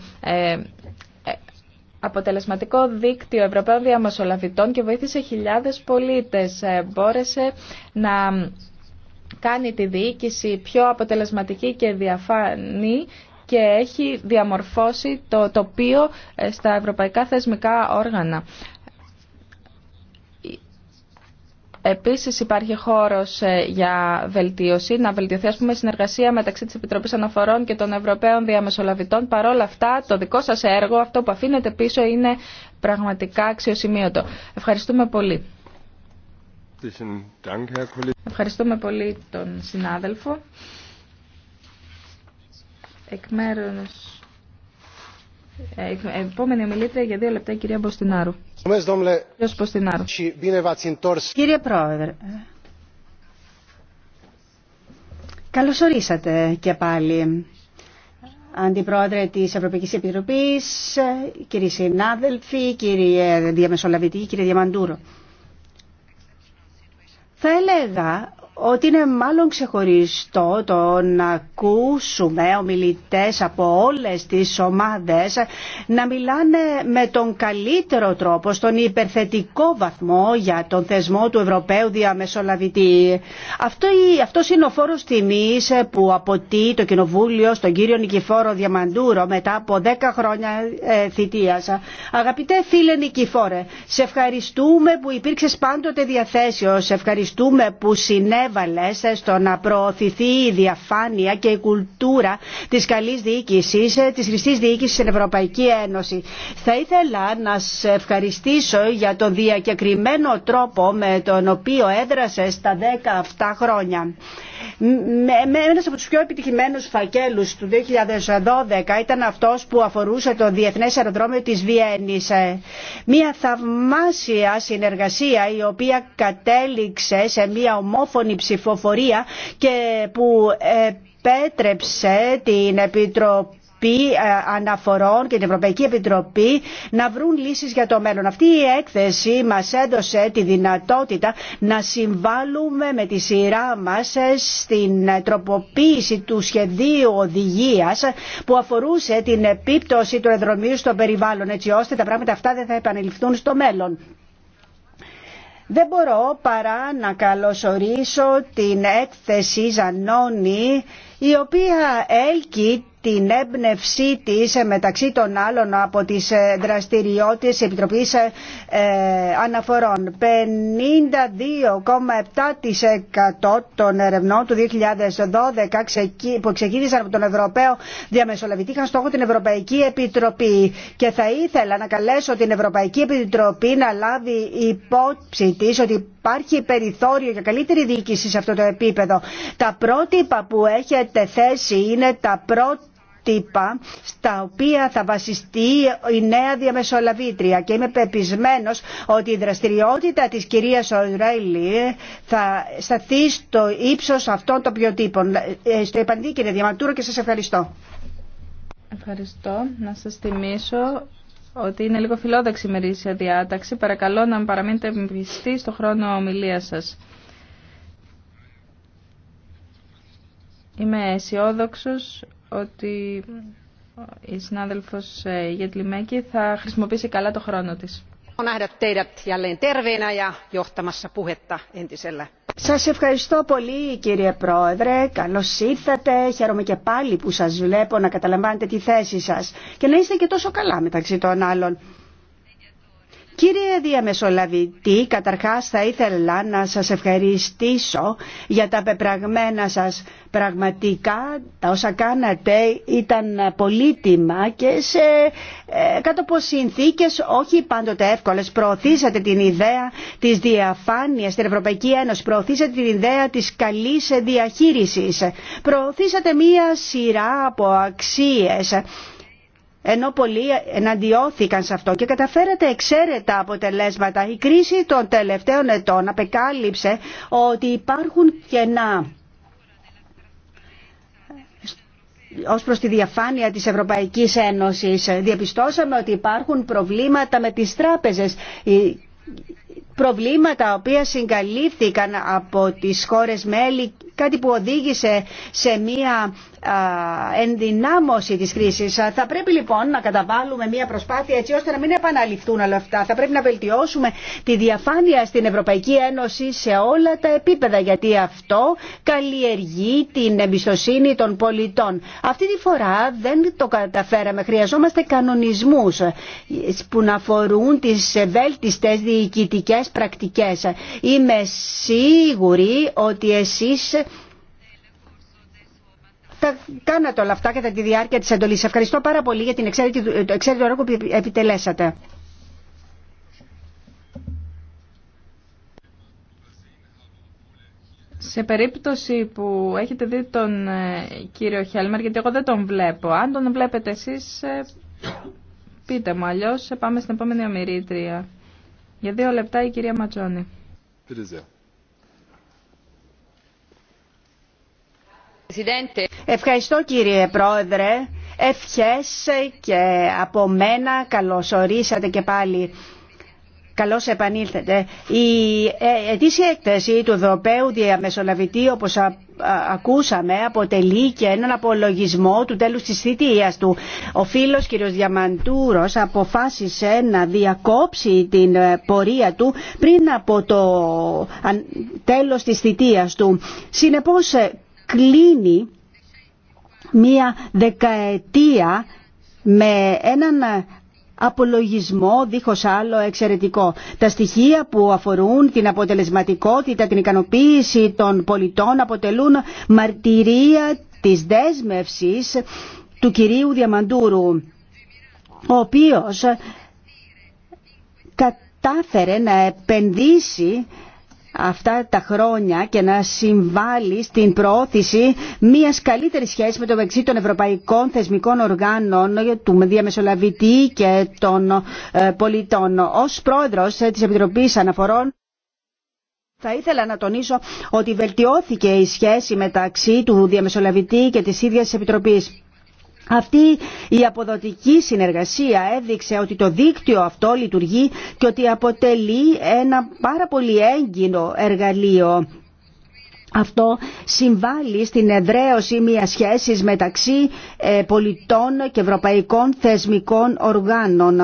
αποτελεσματικό δίκτυο Ευρωπαίων Διαμεσολαβητών και βοήθησε χιλιάδες πολίτες. Μπόρεσε να κάνει τη διοίκηση πιο αποτελεσματική και διαφανή και έχει διαμορφώσει το τοπίο ε, στα ευρωπαϊκά θεσμικά όργανα. Επίσης υπάρχει χώρος ε, για βελτίωση, να βελτιωθεί ας πούμε συνεργασία μεταξύ της Επιτροπής Αναφορών και των Ευρωπαίων Διαμεσολαβητών. Παρόλα αυτά το δικό σας έργο, αυτό που αφήνετε πίσω είναι πραγματικά αξιοσημείωτο. Ευχαριστούμε πολύ. Ευχαριστούμε πολύ τον συνάδελφο. Εκ μέρους... Ε, ε, επόμενη ομιλήτρια για δύο λεπτά η κυρία Μποστινάρου. Κύριε Πρόεδρε, ε, καλωσορίσατε ορίσατε και πάλι. Αντιπρόεδρε της Ευρωπαϊκής Επιτροπής, κύριοι συνάδελφοι, κύριε Διαμεσολαβητή, κύριε Διαμαντούρο θα έλεγα ότι είναι μάλλον ξεχωριστό το να ακούσουμε ομιλητές από όλες τις ομάδες να μιλάνε με τον καλύτερο τρόπο, στον υπερθετικό βαθμό για τον θεσμό του Ευρωπαίου Διαμεσολαβητή. Αυτό, αυτός είναι ο φόρος τιμής που αποτεί το Κοινοβούλιο στον κύριο Νικηφόρο Διαμαντούρο μετά από 10 χρόνια ε, θητείας. Αγαπητέ φίλε Νικηφόρε, σε ευχαριστούμε που υπήρξες πάντοτε διαθέσιος, σε ευχαριστούμε που συνέβη στο να προωθηθεί η διαφάνεια και η κουλτούρα της καλής διοίκησης, ε, της χρηστής διοίκησης στην Ευρωπαϊκή Ένωση. Θα ήθελα να σε ευχαριστήσω για τον διακεκριμένο τρόπο με τον οποίο έδρασε στα 10 χρόνια. Ένας από τους πιο επιτυχημένους φακέλους του 2012 ήταν αυτός που αφορούσε το Διεθνές Αεροδρόμιο της Βιέννης. Ε, μια θαυμάσια συνεργασία η οποία κατέληξε σε μια ομόφωνη ψηφοφορία και που επέτρεψε την Επιτροπή Επιτροπή ε, Αναφορών και την Ευρωπαϊκή Επιτροπή να βρουν λύσεις για το μέλλον. Αυτή η έκθεση μας έδωσε τη δυνατότητα να συμβάλλουμε με τη σειρά μας στην τροποποίηση του σχεδίου οδηγίας που αφορούσε την επίπτωση του εδρομίου στο περιβάλλον έτσι ώστε τα πράγματα αυτά δεν θα επανεληφθούν στο μέλλον. Δεν μπορώ παρά να καλωσορίσω την έκθεση Ζανόνη η οποία έλκει την έμπνευσή της ε, μεταξύ των άλλων από τις ε, δραστηριότητες της Επιτροπής ε, Αναφορών. 52,7% των ερευνών του 2012 που ξεκίνησαν από τον Ευρωπαίο Διαμεσολαβητή είχαν στόχο την Ευρωπαϊκή Επιτροπή και θα ήθελα να καλέσω την Ευρωπαϊκή Επιτροπή να λάβει υπόψη της ότι υπάρχει περιθώριο για καλύτερη διοίκηση σε αυτό το επίπεδο. Τα πρότυπα που έχετε θέσει είναι τα πρώτα τύπα στα οποία θα βασιστεί η νέα διαμεσολαβήτρια και είμαι πεπισμένος ότι η δραστηριότητα της κυρίας Ορέλη θα σταθεί στο ύψος αυτών των ποιοτύπων. Ε, στο επαντή κύριε Διαμαντούρο και σας ευχαριστώ. Ευχαριστώ. Να σας θυμίσω ότι είναι λίγο φιλόδοξη η μερίσια διάταξη. Παρακαλώ να παραμείνετε πιστοί στο χρόνο ομιλία σας. Είμαι αισιόδοξο ότι η συνάδελφος ε, Γετλιμέκη θα χρησιμοποιήσει καλά το χρόνο της. Σας ευχαριστώ πολύ κύριε Πρόεδρε, καλώς ήρθατε, χαίρομαι και πάλι που σας βλέπω να καταλαμβάνετε τη θέση σας και να είστε και τόσο καλά μεταξύ των άλλων. Κύριε Διαμεσολαβητή, καταρχάς θα ήθελα να σας ευχαριστήσω για τα πεπραγμένα σας πραγματικά. Τα όσα κάνατε ήταν πολύτιμα και σε, ε, κάτω από συνθήκες όχι πάντοτε εύκολες. Προωθήσατε την ιδέα της διαφάνειας στην Ευρωπαϊκή Ένωση, προωθήσατε την ιδέα της καλής διαχείρισης, προωθήσατε μία σειρά από αξίες ενώ πολλοί εναντιώθηκαν σε αυτό και καταφέρατε εξαίρετα αποτελέσματα. Η κρίση των τελευταίων ετών απεκάλυψε ότι υπάρχουν κενά ως προς τη διαφάνεια της Ευρωπαϊκής Ένωσης. Διαπιστώσαμε ότι υπάρχουν προβλήματα με τις τράπεζες προβλήματα οποία συγκαλύφθηκαν από τις χώρες μέλη, κάτι που οδήγησε σε μία ενδυνάμωση της κρίσης. Θα πρέπει λοιπόν να καταβάλουμε μια προσπάθεια έτσι ώστε να μην επαναληφθούν όλα αυτά. Θα πρέπει να βελτιώσουμε τη διαφάνεια στην Ευρωπαϊκή Ένωση σε όλα τα επίπεδα γιατί αυτό καλλιεργεί την εμπιστοσύνη των πολιτών. Αυτή τη φορά δεν το καταφέραμε. Χρειαζόμαστε κανονισμούς που να αφορούν τις βέλτιστες διοικητικές πρακτικές. Είμαι σίγουρη ότι εσείς τα κάνατε όλα αυτά κατά τη διάρκεια της εντολής. Ευχαριστώ πάρα πολύ για την εξαίρετη, το εξαίρετο που επιτελέσατε. Σε περίπτωση που έχετε δει τον ε, κύριο Χέλμερ, γιατί εγώ δεν τον βλέπω, αν τον βλέπετε εσείς ε, πείτε μου, αλλιώς ε, πάμε στην επόμενη ομιλήτρια. Για δύο λεπτά η κυρία Ματζόνη. Ευχαριστώ κύριε Πρόεδρε. Ευχές και από μένα καλώς ορίσατε και πάλι. Καλώς επανήλθετε. Η ε, ετήσια έκθεση του Ευρωπαίου Διαμεσολαβητή, όπως ακούσαμε, αποτελεί και έναν απολογισμό του τέλους της θητείας του. Ο φίλος κ. Διαμαντούρος αποφάσισε να διακόψει την ε, πορεία του πριν από το τέλος της θητείας του. Συνεπώς ε, κλείνει μία δεκαετία με έναν απολογισμό δίχως άλλο εξαιρετικό. Τα στοιχεία που αφορούν την αποτελεσματικότητα, την ικανοποίηση των πολιτών αποτελούν μαρτυρία της δέσμευσης του κυρίου Διαμαντούρου, ο οποίος κατάφερε να επενδύσει αυτά τα χρόνια και να συμβάλλει στην προώθηση μία καλύτερης σχέσης με το μεταξύ των ευρωπαϊκών θεσμικών οργάνων του διαμεσολαβητή και των ε, πολιτών. Ως πρόεδρος ε, της Επιτροπής Αναφορών θα ήθελα να τονίσω ότι βελτιώθηκε η σχέση μεταξύ του διαμεσολαβητή και της ίδιας της Επιτροπής. Αυτή η αποδοτική συνεργασία έδειξε ότι το δίκτυο αυτό λειτουργεί και ότι αποτελεί ένα πάρα πολύ έγκυνο εργαλείο. Αυτό συμβάλλει στην εδραίωση μιας σχέσης μεταξύ ε, πολιτών και ευρωπαϊκών θεσμικών οργάνων.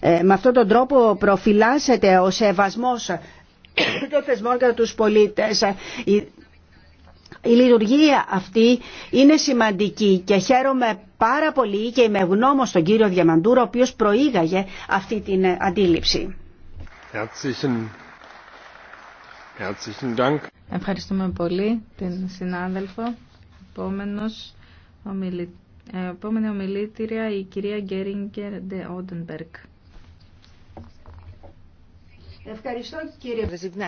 Ε, με αυτόν τον τρόπο προφυλάσσεται ο σεβασμός (coughs) των θεσμών κατά τους πολίτες η λειτουργία αυτή είναι σημαντική και χαίρομαι πάρα πολύ και είμαι ευγνώμος στον κύριο Διαμαντούρο ο οποίος προήγαγε αυτή την αντίληψη. Ευχαριστούμε πολύ την συνάδελφο. Επόμενος ομιλη... Ε, επόμενη ομιλήτρια η κυρία Γκέριγκερ Ντε Όντενμπεργκ.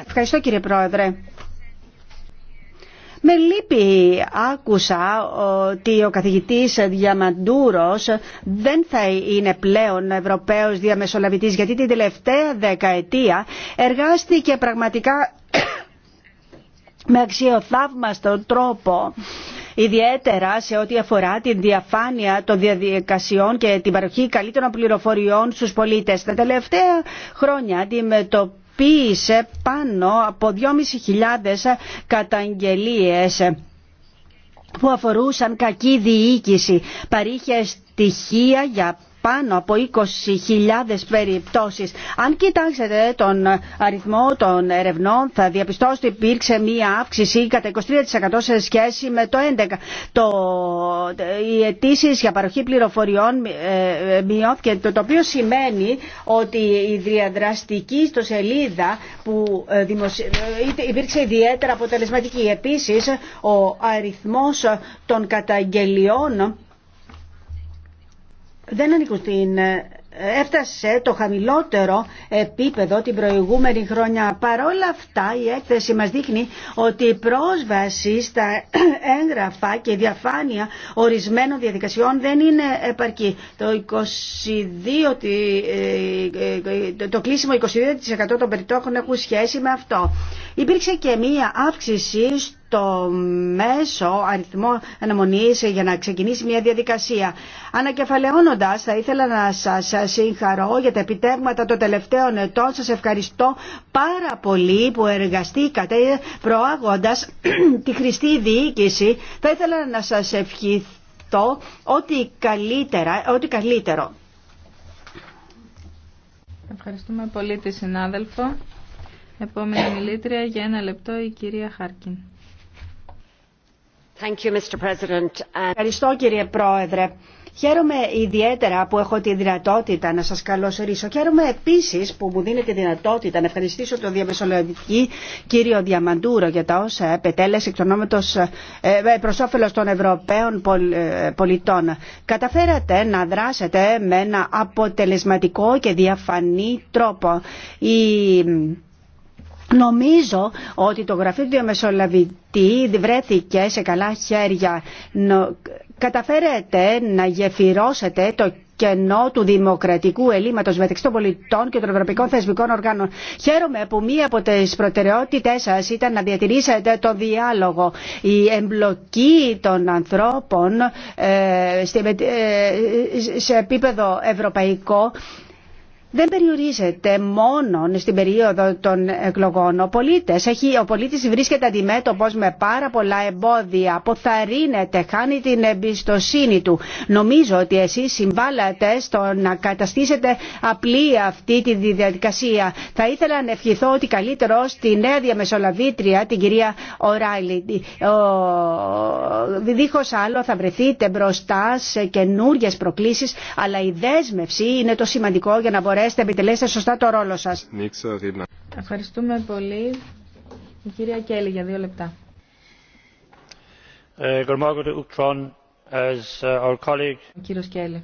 Ευχαριστώ κύριε Πρόεδρε. Με λύπη άκουσα ότι ο καθηγητής Διαμαντούρος δεν θα είναι πλέον Ευρωπαίος διαμεσολαβητής γιατί την τελευταία δεκαετία εργάστηκε πραγματικά (coughs) με αξιοθαύμαστο τρόπο ιδιαίτερα σε ό,τι αφορά την διαφάνεια των διαδικασιών και την παροχή καλύτερων πληροφοριών στους πολίτες. Τα τελευταία χρόνια ποιήσε πάνω από 2.500 καταγγελίες που αφορούσαν κακή διοίκηση. Παρήχε στοιχεία για πάνω από 20.000 περιπτώσεις. Αν κοιτάξετε τον αριθμό των ερευνών θα διαπιστώσετε ότι υπήρξε μία αύξηση κατά 23% σε σχέση με το 2011. Το... Οι αιτήσει για παροχή πληροφοριών ε, ε, μειώθηκε, το οποίο σημαίνει ότι η διαδραστική στο σελίδα που ε, δημοσι... υπήρξε ιδιαίτερα αποτελεσματική. Επίσης, ο αριθμός των καταγγελιών δεν ανήκουν στην ε, έφτασε το χαμηλότερο επίπεδο την προηγούμενη χρονιά. Παρόλα αυτά η έκθεση μας δείχνει ότι η πρόσβαση στα (clears throat) έγγραφα και η διαφάνεια ορισμένων διαδικασιών δεν είναι επαρκή. Το, 22, ε, ε, το κλείσιμο 22% των περιτόχων έχουν σχέση με αυτό. Υπήρξε και μία αύξηση το μέσο αριθμό αναμονής για να ξεκινήσει μια διαδικασία. Ανακεφαλαιώνοντας, θα ήθελα να σας συγχαρώ για τα επιτεύγματα των τελευταίων ετών. Σας ευχαριστώ πάρα πολύ που εργαστήκατε προάγοντας (clears throat) τη χρηστή διοίκηση. Θα ήθελα να σας ευχηθώ ό,τι, καλύτερα, ό,τι καλύτερο. Ευχαριστούμε πολύ τη συνάδελφο. Επόμενη μιλήτρια για ένα λεπτό η κυρία Χάρκιν. Ευχαριστώ κύριε Πρόεδρε. Χαίρομαι ιδιαίτερα που έχω τη δυνατότητα να σας καλωσορίσω. Χαίρομαι επίσης που μου δίνετε τη δυνατότητα να ευχαριστήσω τον διαμεσολογητή κύριο Διαμαντούρο για τα όσα επετέλεσε των όμετος ε, ε, προς όφελος των Ευρωπαίων ε, πολιτών. Καταφέρατε να δράσετε με ένα αποτελεσματικό και διαφανή τρόπο. Νομίζω ότι το γραφείο του διαμεσολαβητή βρέθηκε σε καλά χέρια. Καταφέρετε να γεφυρώσετε το κενό του δημοκρατικού ελλείμματο μεταξύ των πολιτών και των ευρωπαϊκών θεσμικών οργάνων. Χαίρομαι που μία από τι προτεραιότητέ σα ήταν να διατηρήσετε το διάλογο. Η εμπλοκή των ανθρώπων ε, ε, σε επίπεδο ευρωπαϊκό δεν περιορίζεται μόνο στην περίοδο των εκλογών. Ο πολίτη βρίσκεται αντιμέτωπο με πάρα πολλά εμπόδια, αποθαρρύνεται, χάνει την εμπιστοσύνη του. Νομίζω ότι εσεί, συμβάλλατε στο να καταστήσετε απλή αυτή τη διαδικασία. Θα ήθελα να ευχηθώ ότι καλύτερο στη νέα διαμεσολαβήτρια, την κυρία Οράιλι. δίχω άλλο θα βρεθείτε μπροστά σε καινούριε προκλήσει, αλλά η δέσμευση είναι το σημαντικό για να μπορέσετε Έστε επιτελέσετε σωστά το ρόλο σας. Ευχαριστούμε πολύ. Η κυρία Κέλλη για δύο λεπτά. Ε, uh, κύριος Κέλλη.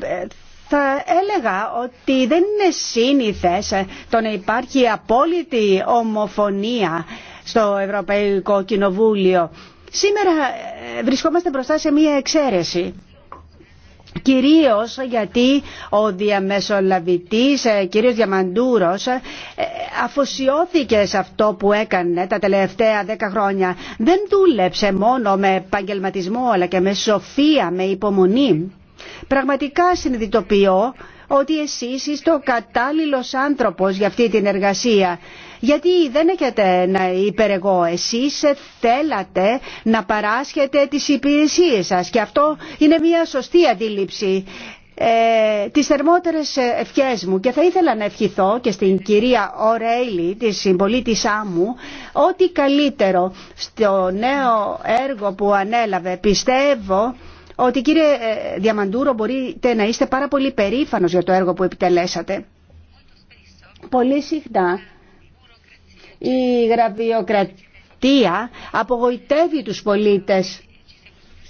Ε, θα έλεγα ότι δεν είναι σύνηθες το να υπάρχει απόλυτη ομοφωνία στο Ευρωπαϊκό Κοινοβούλιο. Σήμερα ε, βρισκόμαστε μπροστά σε μία εξαίρεση. Κυρίως γιατί ο διαμεσολαβητής, ε, κύριος Διαμαντούρος, ε, αφοσιώθηκε σε αυτό που έκανε τα τελευταία δέκα χρόνια. Δεν δούλεψε μόνο με επαγγελματισμό αλλά και με σοφία, με υπομονή. Πραγματικά συνειδητοποιώ ότι εσείς είστε ο κατάλληλος άνθρωπος για αυτή την εργασία. Γιατί δεν έχετε να υπερεγω. Εσείς θέλατε να παράσχετε τις υπηρεσίες σας και αυτό είναι μια σωστή αντίληψη. Ε, τις θερμότερες ευχές μου και θα ήθελα να ευχηθώ και στην κυρία Ορέιλι, τη συμπολίτησά μου, ό,τι καλύτερο στο νέο έργο που ανέλαβε. Πιστεύω ότι κύριε ε, Διαμαντούρο μπορείτε να είστε πάρα πολύ περήφανος για το έργο που επιτελέσατε. Πολύ συχνά η γραβιοκρατία απογοητεύει τους πολίτες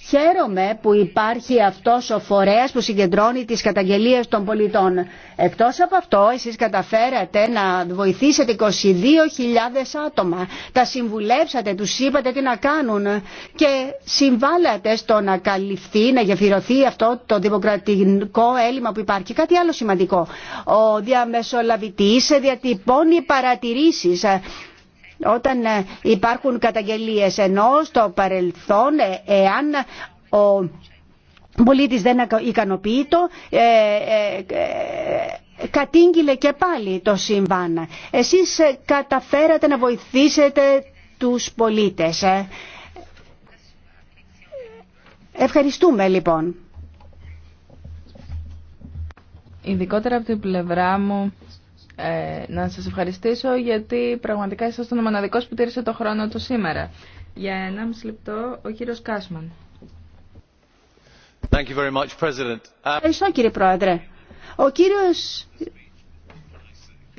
Χαίρομαι που υπάρχει αυτός ο φορέας που συγκεντρώνει τις καταγγελίες των πολιτών. Εκτός από αυτό, εσείς καταφέρατε να βοηθήσετε 22.000 άτομα. Τα συμβουλέψατε, τους είπατε τι να κάνουν και συμβάλλατε στο να καλυφθεί, να γεφυρωθεί αυτό το δημοκρατικό έλλειμμα που υπάρχει. Κάτι άλλο σημαντικό. Ο διαμεσολαβητής διατυπώνει παρατηρήσεις όταν ε, υπάρχουν καταγγελίες ενώ στο παρελθόν ε, εάν ο πολίτης δεν ικανοποιεί ε, ε, κατήγγειλε και πάλι το σύμβαν. Εσείς καταφέρατε να βοηθήσετε τους πολίτες. Ευχαριστούμε λοιπόν. Ειδικότερα από την πλευρά μου ε, να σας ευχαριστήσω γιατί πραγματικά ήσασταν ο μοναδικός που τήρησε το χρόνο του σήμερα. Για ένα μισή λεπτό ο κύριος Κάσμαν. Thank you very much, President. Uh, Ευχαριστώ κύριε Πρόεδρε. Ο κύριος...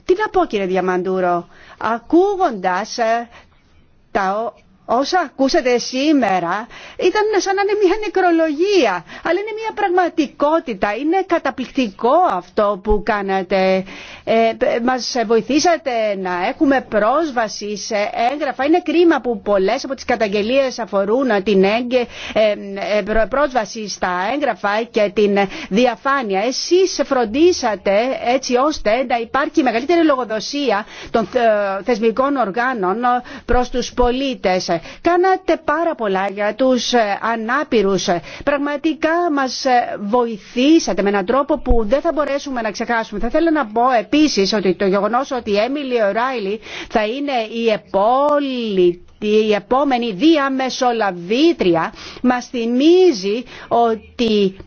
Τι να πω κύριε Διαμαντούρο, ακούγοντας ε, τα Όσα ακούσατε σήμερα ήταν σαν να είναι μια νεκρολογία, αλλά είναι μια πραγματικότητα. Είναι καταπληκτικό αυτό που κάνατε. Ε, μας βοηθήσατε να έχουμε πρόσβαση σε έγγραφα. Είναι κρίμα που πολλές από τις καταγγελίες αφορούν την ε, ε, πρόσβαση στα έγγραφα και την διαφάνεια. Εσείς φροντίσατε έτσι ώστε να υπάρχει μεγαλύτερη λογοδοσία των ε, θεσμικών οργάνων προς τους πολίτες Κάνατε πάρα πολλά για τους ε, ανάπηρους. Πραγματικά μας ε, βοηθήσατε με έναν τρόπο που δεν θα μπορέσουμε να ξεχάσουμε. Θα θέλω να πω επίσης ότι το γεγονός ότι η Έμιλι Οράιλι θα είναι η η επόμενη διαμεσολαβήτρια μας θυμίζει ότι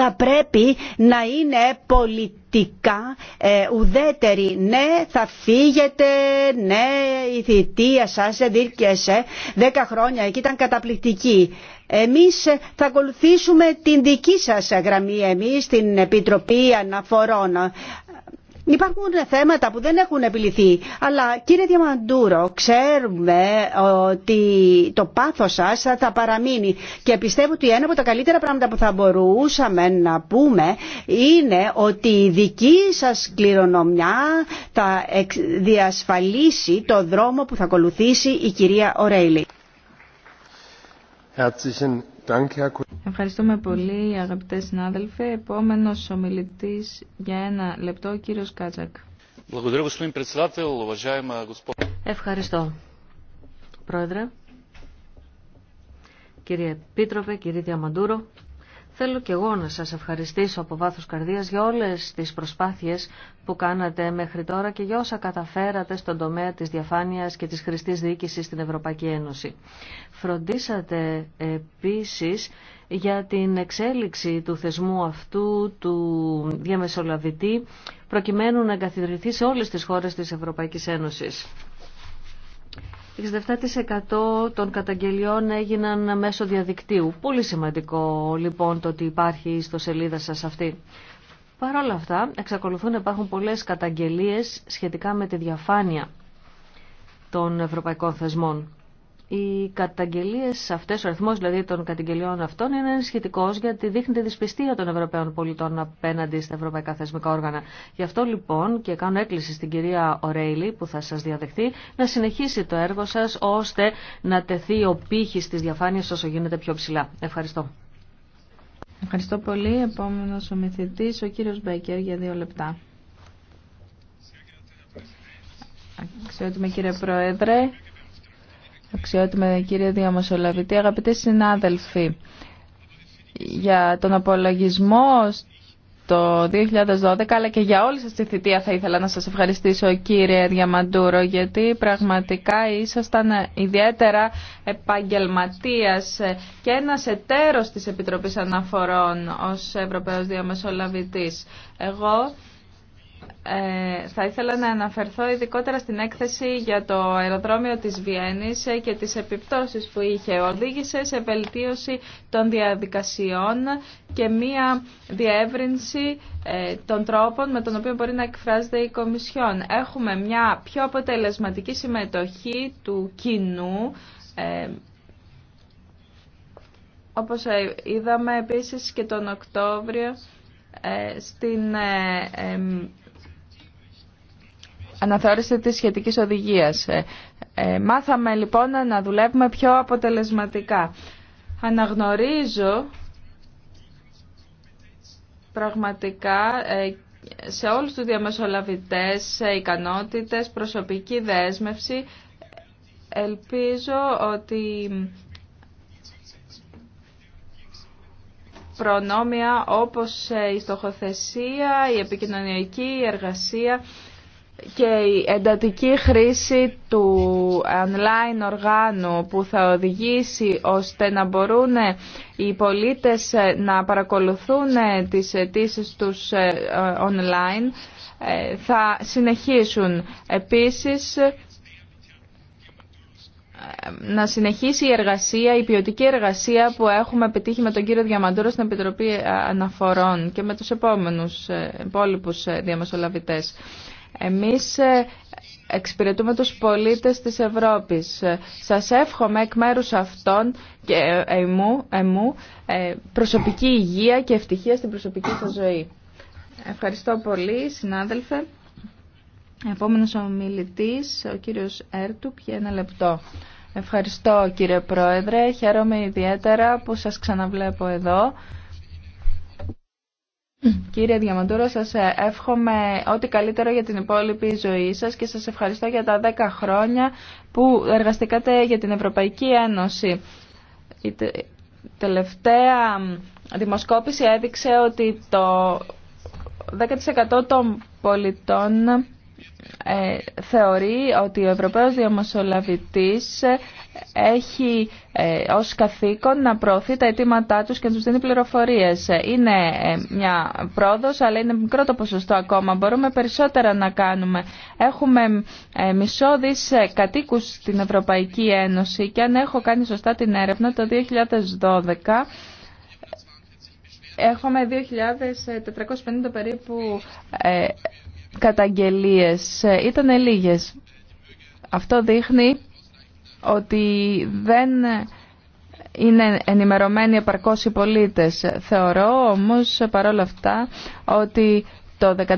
θα πρέπει να είναι πολιτικά ε, ουδέτερη. Ναι, θα φύγετε, ναι, η θητεία σας εδίρκεσε δέκα χρόνια και ήταν καταπληκτική. Εμείς θα ακολουθήσουμε την δική σας γραμμή, εμείς την Επιτροπή Αναφορών Υπάρχουν θέματα που δεν έχουν επιληθεί, αλλά κύριε Διαμαντούρο, ξέρουμε ότι το πάθος σας θα παραμείνει και πιστεύω ότι ένα από τα καλύτερα πράγματα που θα μπορούσαμε να πούμε είναι ότι η δική σας κληρονομιά θα διασφαλίσει το δρόμο που θα ακολουθήσει η κυρία Ορέιλι. Ευχαριστούμε πολύ αγαπητές συνάδελφοι. Επόμενος ομιλητής για ένα λεπτό, ο κύριος Κάτσακ. Ευχαριστώ. Πρόεδρε, κύριε Πίτροπε, κύριε Διαμαντούρο, Θέλω και εγώ να σας ευχαριστήσω από βάθος καρδίας για όλες τις προσπάθειες που κάνατε μέχρι τώρα και για όσα καταφέρατε στον τομέα της διαφάνειας και της χρηστής διοίκησης στην Ευρωπαϊκή Ένωση. Φροντίσατε επίσης για την εξέλιξη του θεσμού αυτού, του διαμεσολαβητή, προκειμένου να εγκαθιδρυθεί σε όλες τις χώρες της Ευρωπαϊκής Ένωσης. 67% των καταγγελιών έγιναν μέσω διαδικτύου. Πολύ σημαντικό λοιπόν το ότι υπάρχει στο σελίδα σας αυτή. Παρ' όλα αυτά, εξακολουθούν να υπάρχουν πολλές καταγγελίες σχετικά με τη διαφάνεια των ευρωπαϊκών θεσμών οι καταγγελίε αυτέ, ο αριθμό δηλαδή των καταγγελιών αυτών είναι σχετικό γιατί δείχνει τη δυσπιστία των Ευρωπαίων πολιτών απέναντι στα ευρωπαϊκά θεσμικά όργανα. Γι' αυτό λοιπόν και κάνω έκκληση στην κυρία Ορέιλι που θα σα διαδεχθεί να συνεχίσει το έργο σα ώστε να τεθεί ο πύχη τη διαφάνεια όσο γίνεται πιο ψηλά. Ευχαριστώ. Ευχαριστώ πολύ. Επόμενο ο ο κύριος Μπέκερ για δύο λεπτά. Αξιότιμη κύριε Πρόεδρε, Αξιότιμε κύριε Διαμασολαβητή, αγαπητοί συνάδελφοι, για τον απολογισμό το 2012 αλλά και για όλη σας τη θητεία θα ήθελα να σας ευχαριστήσω κύριε Διαμαντούρο γιατί πραγματικά ήσασταν ιδιαίτερα επαγγελματίας και ένας εταίρος της Επιτροπής Αναφορών ως Ευρωπαίος Διαμεσολαβητής. Εγώ ε, θα ήθελα να αναφερθώ ειδικότερα στην έκθεση για το αεροδρόμιο της Βιέννης ε, και τις επιπτώσεις που είχε. Οδήγησε σε βελτίωση των διαδικασιών και μία διεύρυνση ε, των τρόπων με τον οποίο μπορεί να εκφράζεται η Κομισιόν. Έχουμε μια πιο αποτελεσματική συμμετοχή του κοινού όπως είδαμε επίσης και τον Οκτώβριο στην αναθεώρηση της σχετικής οδηγίας. Ε, ε, μάθαμε λοιπόν να δουλεύουμε πιο αποτελεσματικά. Αναγνωρίζω πραγματικά ε, σε όλους τους διαμεσολαβητές ικανότητες, προσωπική δέσμευση. Ελπίζω ότι προνόμια όπως η στοχοθεσία, η επικοινωνιακή εργασία και η εντατική χρήση του online οργάνου που θα οδηγήσει ώστε να μπορούν οι πολίτες να παρακολουθούν τις αιτήσει τους ε, online ε, θα συνεχίσουν. Επίσης, ε, να συνεχίσει η εργασία, η ποιοτική εργασία που έχουμε επιτύχει με τον κύριο Διαμαντούρο στην Επιτροπή Αναφορών και με τους επόμενους υπόλοιπους διαμεσολαβητές. Εμείς ε, εξυπηρετούμε τους πολίτες της Ευρώπης. Ε, σας εύχομαι εκ μέρους αυτών και ε, εμού, εμού προσωπική υγεία και ευτυχία στην προσωπική σας ζωή. Ευχαριστώ πολύ, συνάδελφε. Επόμενος ομιλητής, ο κύριος Έρτουπ, για ένα λεπτό. Ευχαριστώ κύριε Πρόεδρε, χαίρομαι ιδιαίτερα που σας ξαναβλέπω εδώ. Mm. Κύριε Διαμαντούρο, σας ε, εύχομαι ό,τι καλύτερο για την υπόλοιπη ζωή σας και σας ευχαριστώ για τα 10 χρόνια που εργαστήκατε για την Ευρωπαϊκή Ένωση. Η τελευταία δημοσκόπηση έδειξε ότι το 10% των πολιτών ε, θεωρεί ότι ο Ευρωπαίος Διαμοσολαβητής ε, έχει ε, ως καθήκον να προωθεί τα αιτήματά τους και να τους δίνει πληροφορίες. Είναι μια πρόοδος, αλλά είναι μικρό το ποσοστό ακόμα. Μπορούμε περισσότερα να κάνουμε. Έχουμε μισό δις κατοίκους στην Ευρωπαϊκή Ένωση και αν έχω κάνει σωστά την έρευνα το 2012... Έχουμε 2.450 περίπου καταγγελίες ε, ήταν λίγες. Αυτό δείχνει ότι δεν είναι ενημερωμένοι επαρκώς οι πολίτες. Θεωρώ όμως παρόλα αυτά ότι το 14%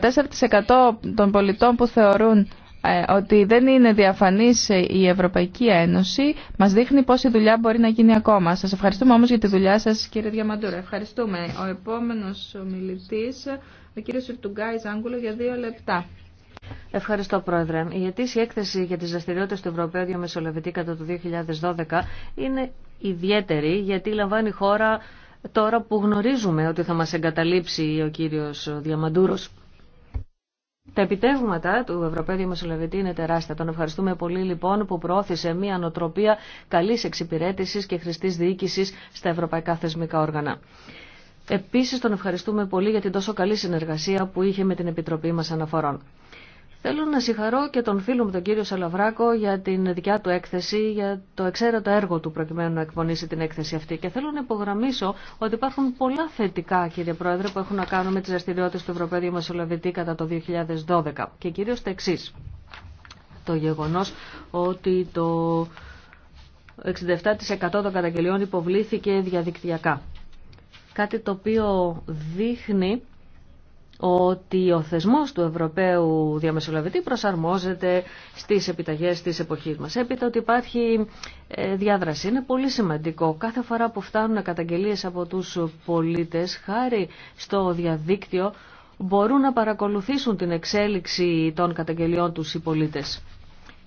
των πολιτών που θεωρούν ε, ότι δεν είναι διαφανής η Ευρωπαϊκή Ένωση μας δείχνει πόση δουλειά μπορεί να γίνει ακόμα. Σας ευχαριστούμε όμως για τη δουλειά σας κύριε Διαμαντούρα. Ευχαριστούμε. Ο επόμενος ομιλητής... Ο κύριος Ιρτουγκάη Άγγουλο για δύο λεπτά. Ευχαριστώ, Πρόεδρε. Η ετήσια έκθεση για τι δραστηριότητε του Ευρωπαίου Διαμεσολαβητή κατά το 2012 είναι ιδιαίτερη γιατί λαμβάνει χώρα τώρα που γνωρίζουμε ότι θα μα εγκαταλείψει ο κύριο Διαμαντούρο. Τα επιτεύγματα του Ευρωπαίου Διαμεσολαβητή είναι τεράστια. Τον ευχαριστούμε πολύ λοιπόν που προώθησε μια νοοτροπία καλή εξυπηρέτηση και χρηστή διοίκηση στα ευρωπαϊκά θεσμικά όργανα. Επίσης τον ευχαριστούμε πολύ για την τόσο καλή συνεργασία που είχε με την Επιτροπή μας Αναφορών. Θέλω να συγχαρώ και τον φίλο μου τον κύριο Σαλαβράκο για την δικιά του έκθεση, για το εξαίρετο έργο του προκειμένου να εκπονήσει την έκθεση αυτή. Και θέλω να υπογραμμίσω ότι υπάρχουν πολλά θετικά, κύριε Πρόεδρε, που έχουν να κάνουν με τι δραστηριότητε του Ευρωπαίου Διαμεσολαβητή κατά το 2012. Και κυρίω τα εξή. Το γεγονό ότι το 67% των καταγγελιών υποβλήθηκε διαδικτυακά κάτι το οποίο δείχνει ότι ο θεσμός του Ευρωπαίου διαμεσολαβητή προσαρμόζεται στις επιταγές της εποχής μας. Έπειτα ότι υπάρχει ε, διάδραση. Είναι πολύ σημαντικό. Κάθε φορά που φτάνουν καταγγελίες από τους πολίτες, χάρη στο διαδίκτυο, μπορούν να παρακολουθήσουν την εξέλιξη των καταγγελιών τους οι πολίτες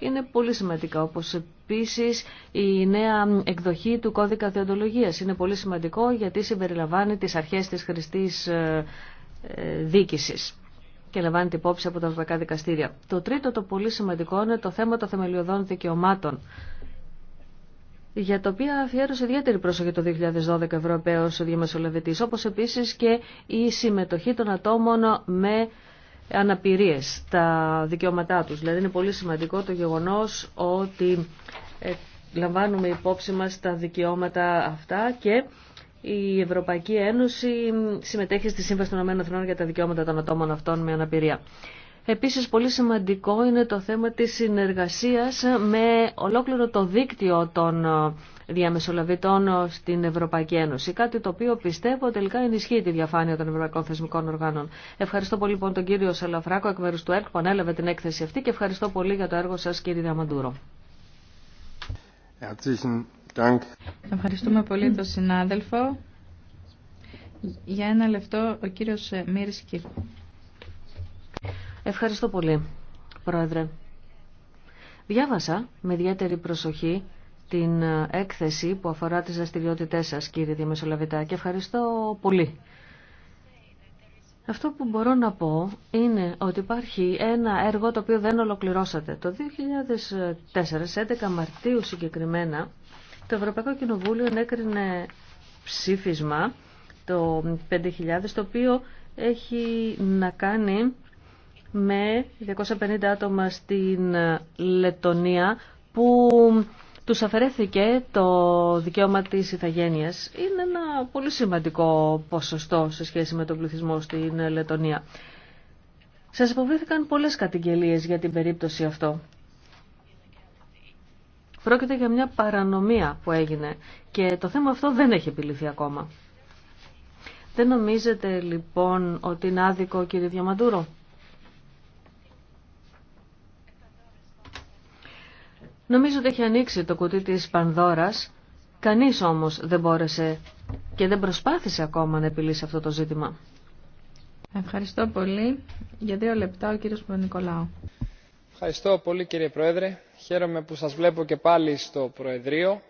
είναι πολύ σημαντικά, όπως επίσης η νέα εκδοχή του κώδικα διοντολογίας. Είναι πολύ σημαντικό γιατί συμπεριλαμβάνει τις αρχές της χρηστής ε, ε, δίκησης και λαμβάνει την υπόψη από τα ευρωπαϊκά δικαστήρια. Το τρίτο, το πολύ σημαντικό, είναι το θέμα των θεμελιωδών δικαιωμάτων για το οποίο αφιέρωσε ιδιαίτερη πρόσοχη το 2012 Ευρωπαίος Διαμεσολαβητής, όπως επίσης και η συμμετοχή των ατόμων με αναπηρίες, τα δικαιώματά τους. Δηλαδή είναι πολύ σημαντικό το γεγονός ότι ε, λαμβάνουμε υπόψη μας τα δικαιώματα αυτά και η Ευρωπαϊκή Ένωση συμμετέχει στη Σύμβαση των ΗΠΑ για τα δικαιώματα των ατόμων αυτών με αναπηρία. Επίσης πολύ σημαντικό είναι το θέμα της συνεργασίας με ολόκληρο το δίκτυο των ε, διαμεσολαβητών στην Ευρωπαϊκή Ένωση. Κάτι το οποίο πιστεύω τελικά ενισχύει τη διαφάνεια των Ευρωπαϊκών Θεσμικών Οργάνων. Ευχαριστώ πολύ λοιπόν τον κύριο Σαλαφράκο εκ μέρου του ΕΡΚ που ανέλαβε την έκθεση αυτή και ευχαριστώ πολύ για το έργο σα κύριε Διαμαντούρο. Ευχαριστούμε πολύ τον συνάδελφο. Για ένα λεπτό ο κύριος Μύρισκη. Ευχαριστώ πολύ, Πρόεδρε. Διάβασα με ιδιαίτερη προσοχή την έκθεση που αφορά τις δραστηριότητε σα, κύριε Διαμεσολαβητά, και ευχαριστώ πολύ. Αυτό που μπορώ να πω είναι ότι υπάρχει ένα έργο το οποίο δεν ολοκληρώσατε. Το 2004, 11 Μαρτίου συγκεκριμένα, το Ευρωπαϊκό Κοινοβούλιο ενέκρινε ψήφισμα το 5.000, το οποίο έχει να κάνει με 250 άτομα στην Λετωνία που τους αφαιρέθηκε το δικαίωμα της ηθαγένειας. Είναι ένα πολύ σημαντικό ποσοστό σε σχέση με τον πληθυσμό στην Λετωνία. Σας υποβλήθηκαν πολλές κατηγγελίες για την περίπτωση αυτό. Πρόκειται για μια παρανομία που έγινε και το θέμα αυτό δεν έχει επιληθεί ακόμα. Δεν νομίζετε λοιπόν ότι είναι άδικο κύριε Διαμαντούρο Νομίζω ότι έχει ανοίξει το κουτί της Πανδώρας, κανείς όμως δεν μπόρεσε και δεν προσπάθησε ακόμα να επιλύσει αυτό το ζήτημα. Ευχαριστώ πολύ. Για δύο λεπτά ο κύριος Ευχαριστώ πολύ κύριε Πρόεδρε. Χαίρομαι που σας βλέπω και πάλι στο Προεδρείο.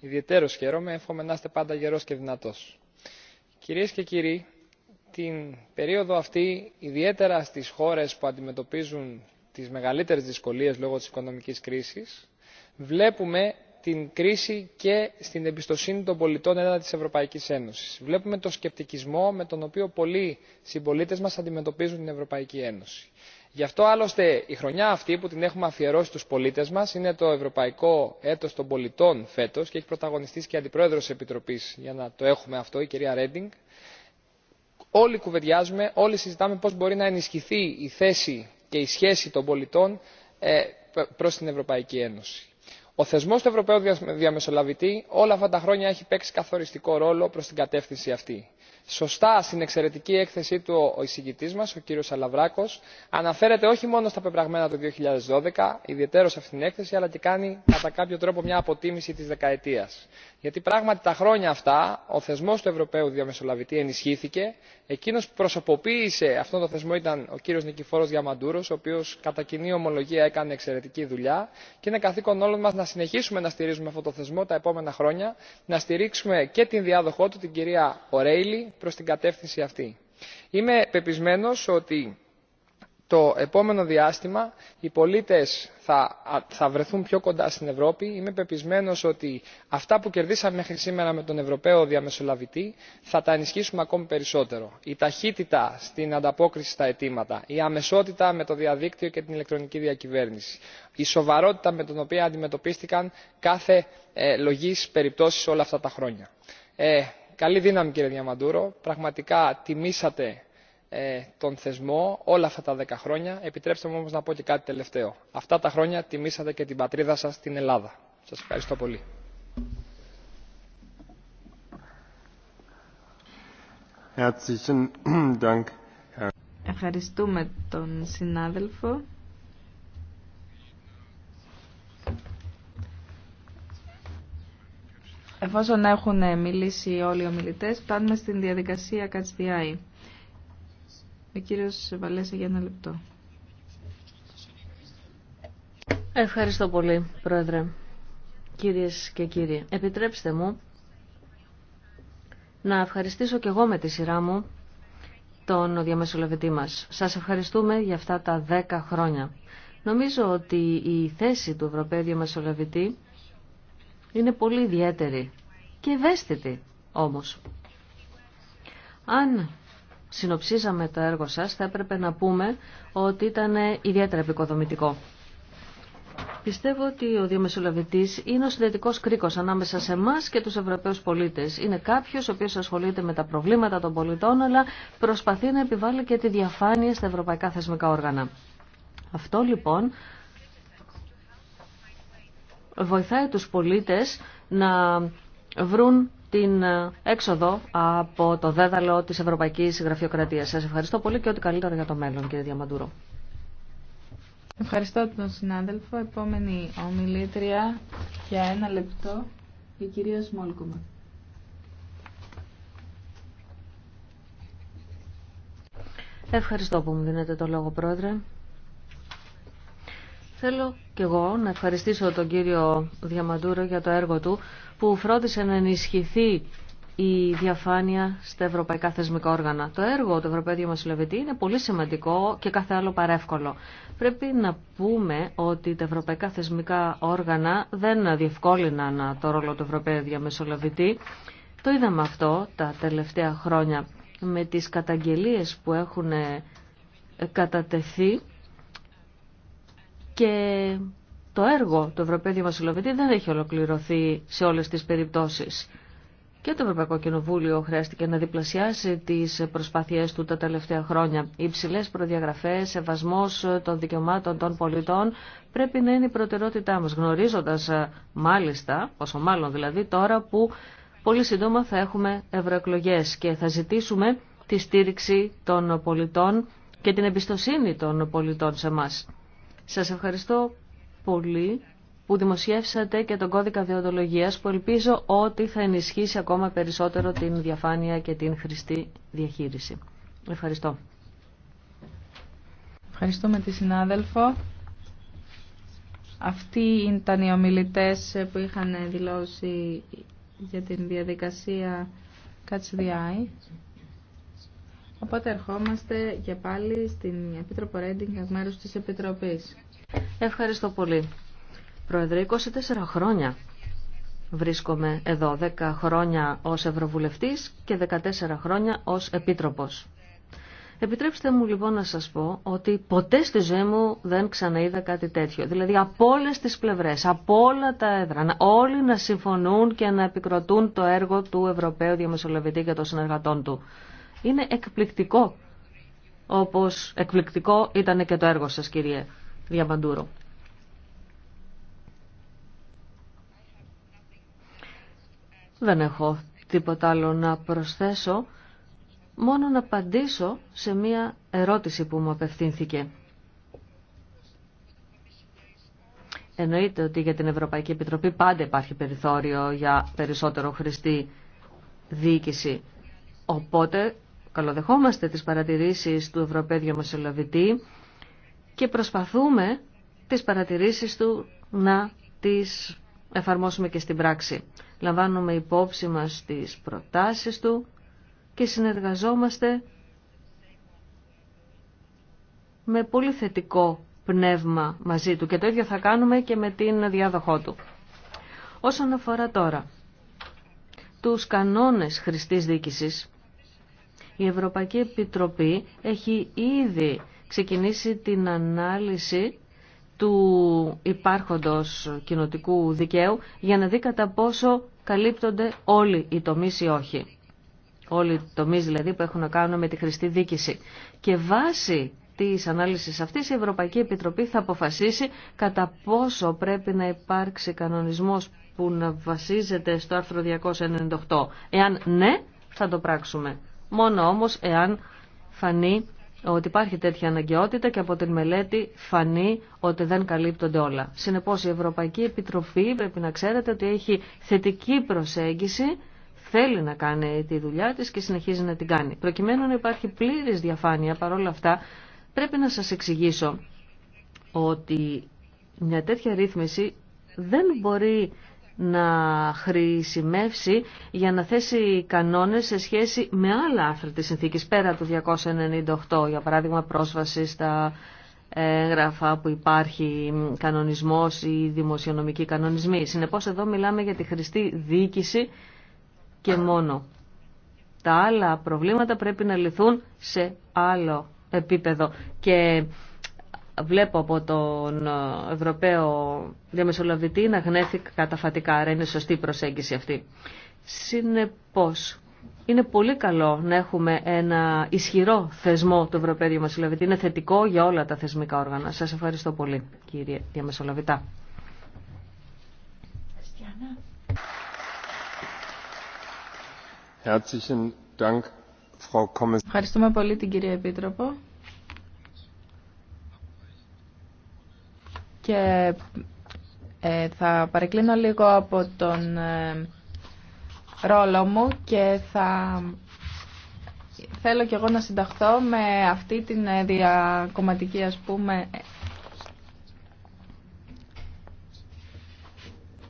Ιδιαιτέρως χαίρομαι. Εύχομαι να είστε πάντα γερός και δυνατός. Κυρίες και κύριοι, την περίοδο αυτή, ιδιαίτερα στις χώρες που αντιμετωπίζουν τις μεγαλύτερες δυσκολίες λόγω της οικονομικής κρίσης, βλέπουμε την κρίση και στην εμπιστοσύνη των πολιτών έναντι της Ευρωπαϊκής Ένωσης. Βλέπουμε το σκεπτικισμό με τον οποίο πολλοί συμπολίτες μας αντιμετωπίζουν την Ευρωπαϊκή Ένωση. Γι' αυτό άλλωστε η χρονιά αυτή που την έχουμε αφιερώσει στους πολίτες μας είναι το Ευρωπαϊκό Έτος των Πολιτών φέτος και έχει πρωταγωνιστήσει και αντιπρόεδρος τη Επιτροπής για να το έχουμε αυτό η κυρία Ρέντινγκ. Όλοι κουβεντιάζουμε, όλοι συζητάμε πώς μπορεί να ενισχυθεί η θέση και η σχέση των πολιτών ε, προς την Ευρωπαϊκή Ένωση. Ο θεσμός του Ευρωπαίου Διαμεσολαβητή όλα αυτά τα χρόνια έχει παίξει καθοριστικό ρόλο προς την κατεύθυνση αυτή. Σωστά στην εξαιρετική έκθεσή του ο εισηγητή μα, ο κύριο Αλαβράκο, αναφέρεται όχι μόνο στα πεπραγμένα του 2012, ιδιαίτερο σε αυτήν την έκθεση, αλλά και κάνει κατά κάποιο τρόπο μια αποτίμηση τη δεκαετία. Γιατί πράγματι τα χρόνια αυτά ο θεσμό του Ευρωπαίου Διαμεσολαβητή ενισχύθηκε. Εκείνο που προσωποποίησε αυτόν τον θεσμό ήταν ο κύριο Νικηφόρο Διαμαντούρο, ο οποίο κατά κοινή ομολογία έκανε εξαιρετική δουλειά και είναι καθήκον όλων μα να συνεχίσουμε να στηρίζουμε αυτόν τον θεσμό τα επόμενα χρόνια, να στηρίξουμε και την διάδοχό του, την κυρία Ορέιλι, προς την κατεύθυνση αυτή. Είμαι πεπισμένος ότι το επόμενο διάστημα οι πολίτες θα, θα βρεθούν πιο κοντά στην Ευρώπη. Είμαι πεπισμένος ότι αυτά που κερδίσαμε μέχρι σήμερα με τον Ευρωπαίο διαμεσολαβητή θα τα ενισχύσουμε ακόμη περισσότερο. Η ταχύτητα στην ανταπόκριση στα αιτήματα, η αμεσότητα με το διαδίκτυο και την ηλεκτρονική διακυβέρνηση, η σοβαρότητα με την οποία αντιμετωπίστηκαν κάθε ε, όλα αυτά τα χρόνια. Ε, καλή δύναμη κύριε διαμαντούρο πραγματικά τιμήσατε ε, τον θεσμό όλα αυτά τα δέκα χρόνια. επιτρέψτε μου όμως να πω και κάτι τελευταίο αυτά τα χρόνια τιμήσατε και την πατρίδα σας την ελλάδα. σας ευχαριστώ πολύ. Ευχαριστούμε τον συνάδελφο. Εφόσον έχουν μιλήσει όλοι οι ομιλητές, φτάνουμε στην διαδικασία ΚΑΤΣΤΙΑΗ. Ο κύριος για ένα λεπτό. Ευχαριστώ πολύ, Πρόεδρε. Κυρίες και κύριοι, επιτρέψτε μου να ευχαριστήσω και εγώ με τη σειρά μου τον διαμεσολαβητή μας. Σας ευχαριστούμε για αυτά τα δέκα χρόνια. Νομίζω ότι η θέση του Ευρωπαίου Διαμεσολαβητή είναι πολύ ιδιαίτερη και ευαίσθητη όμως. Αν συνοψίζαμε το έργο σας, θα έπρεπε να πούμε ότι ήταν ιδιαίτερα επικοδομητικό. Πιστεύω ότι ο διαμεσολαβητής είναι ο συνδετικός κρίκος ανάμεσα σε εμά και τους Ευρωπαίους πολίτες. Είναι κάποιος ο οποίος ασχολείται με τα προβλήματα των πολιτών, αλλά προσπαθεί να επιβάλλει και τη διαφάνεια στα ευρωπαϊκά θεσμικά όργανα. Αυτό λοιπόν βοηθάει τους πολίτες να βρουν την έξοδο από το δέδαλο της Ευρωπαϊκής Γραφειοκρατίας. Σας ευχαριστώ πολύ και ό,τι καλύτερο για το μέλλον, κύριε Διαμαντούρο. Ευχαριστώ τον συνάδελφο. Επόμενη ομιλήτρια για ένα λεπτό, η κυρία Σμόλκομα. Ευχαριστώ που μου δίνετε το λόγο, Πρόεδρε. Θέλω και εγώ να ευχαριστήσω τον κύριο Διαμαντούρο για το έργο του που φρόντισε να ενισχυθεί η διαφάνεια στα ευρωπαϊκά θεσμικά όργανα. Το έργο του Ευρωπαίου Διαμασουλευτή είναι πολύ σημαντικό και κάθε άλλο παρεύκολο. Πρέπει να πούμε ότι τα ευρωπαϊκά θεσμικά όργανα δεν διευκόλυναν το ρόλο του Ευρωπαίου Διαμεσολαβητή. Το είδαμε αυτό τα τελευταία χρόνια με τις καταγγελίες που έχουν κατατεθεί και το έργο του Ευρωπαίου Δημοσιολογητή δεν έχει ολοκληρωθεί σε όλες τις περιπτώσεις. Και το Ευρωπαϊκό Κοινοβούλιο χρειάστηκε να διπλασιάσει τις προσπάθειές του τα τελευταία χρόνια. Οι υψηλές προδιαγραφές, σεβασμός των δικαιωμάτων των πολιτών πρέπει να είναι η προτεραιότητά μας, γνωρίζοντας ε, μάλιστα, πόσο μάλλον δηλαδή τώρα που πολύ σύντομα θα έχουμε ευρωεκλογέ και θα ζητήσουμε τη στήριξη των πολιτών και την εμπιστοσύνη των πολιτών σε μας. Σας ευχαριστώ πολύ που δημοσιεύσατε και τον κώδικα διοντολογίας που ελπίζω ότι θα ενισχύσει ακόμα περισσότερο την διαφάνεια και την χρηστή διαχείριση. Ευχαριστώ. Ευχαριστούμε τη συνάδελφο. Αυτοί ήταν οι ομιλητές που είχαν δηλώσει για την διαδικασία Catch the Eye. Οπότε ερχόμαστε και πάλι στην Επίτροπο Ρέντινγκ εκ μέρους της Επιτροπής. Ευχαριστώ πολύ. Πρόεδρε, 24 χρόνια βρίσκομαι εδώ, 10 χρόνια ως Ευρωβουλευτής και 14 χρόνια ως Επίτροπος. Επιτρέψτε μου λοιπόν να σας πω ότι ποτέ στη ζωή μου δεν ξαναείδα κάτι τέτοιο. Δηλαδή από όλε τις πλευρές, από όλα τα έδρα. όλοι να συμφωνούν και να επικροτούν το έργο του Ευρωπαίου Διαμεσολαβητή και των συνεργατών του. Είναι εκπληκτικό, όπως εκπληκτικό ήταν και το έργο σας κύριε Διαμαντούρο. Δεν έχω τίποτα άλλο να προσθέσω, μόνο να απαντήσω σε μία ερώτηση που μου απευθύνθηκε. Εννοείται ότι για την Ευρωπαϊκή Επιτροπή πάντα υπάρχει περιθώριο για περισσότερο χρηστή διοίκηση. Οπότε Καλοδεχόμαστε τις παρατηρήσεις του Ευρωπαίδιου Μεσολαβητή και προσπαθούμε τις παρατηρήσεις του να τις εφαρμόσουμε και στην πράξη. Λαμβάνουμε υπόψη μας τις προτάσεις του και συνεργαζόμαστε με πολύ θετικό πνεύμα μαζί του και το ίδιο θα κάνουμε και με την διάδοχό του. Όσον αφορά τώρα τους κανόνες χρηστής δίκησης, η Ευρωπαϊκή Επιτροπή έχει ήδη ξεκινήσει την ανάλυση του υπάρχοντος κοινοτικού δικαίου για να δει κατά πόσο καλύπτονται όλοι οι τομείς ή όχι. Όλοι οι τομείς δηλαδή που έχουν να κάνουν με τη χρηστή δίκηση. Και βάσει της ανάλυσης αυτής η Ευρωπαϊκή Επιτροπή θα αποφασίσει κατά πόσο πρέπει να υπάρξει κανονισμός που να βασίζεται στο άρθρο 298. Εάν ναι, θα το πράξουμε μόνο όμως εάν φανεί ότι υπάρχει τέτοια αναγκαιότητα και από την μελέτη φανεί ότι δεν καλύπτονται όλα. Συνεπώς η Ευρωπαϊκή Επιτροφή πρέπει να ξέρετε ότι έχει θετική προσέγγιση, θέλει να κάνει τη δουλειά της και συνεχίζει να την κάνει. Προκειμένου να υπάρχει πλήρης διαφάνεια παρόλα αυτά, πρέπει να σας εξηγήσω ότι μια τέτοια ρύθμιση δεν μπορεί να χρησιμεύσει για να θέσει κανόνες σε σχέση με άλλα άρθρα της συνθήκης πέρα του 298, για παράδειγμα πρόσβαση στα έγγραφα που υπάρχει κανονισμός ή δημοσιονομικοί κανονισμοί. Συνεπώς εδώ μιλάμε για τη χρηστή διοίκηση και μόνο. Τα άλλα προβλήματα πρέπει να λυθούν σε άλλο επίπεδο. Και βλέπω από τον ε, Ευρωπαίο Διαμεσολαβητή να γνέφει καταφατικά, άρα είναι σωστή η προσέγγιση αυτή. Συνεπώς, είναι πολύ καλό να έχουμε ένα ισχυρό θεσμό του Ευρωπαίου Διαμεσολαβητή. Είναι θετικό για όλα τα θεσμικά όργανα. Σας ευχαριστώ πολύ, κύριε Διαμεσολαβητά. Ευχαριστούμε πολύ την κυρία Επίτροπο. και ε, θα παρεκκλίνω λίγο από τον ε, ρόλο μου και θα θέλω κι εγώ να συνταχθώ με αυτή την διακομματική ας πούμε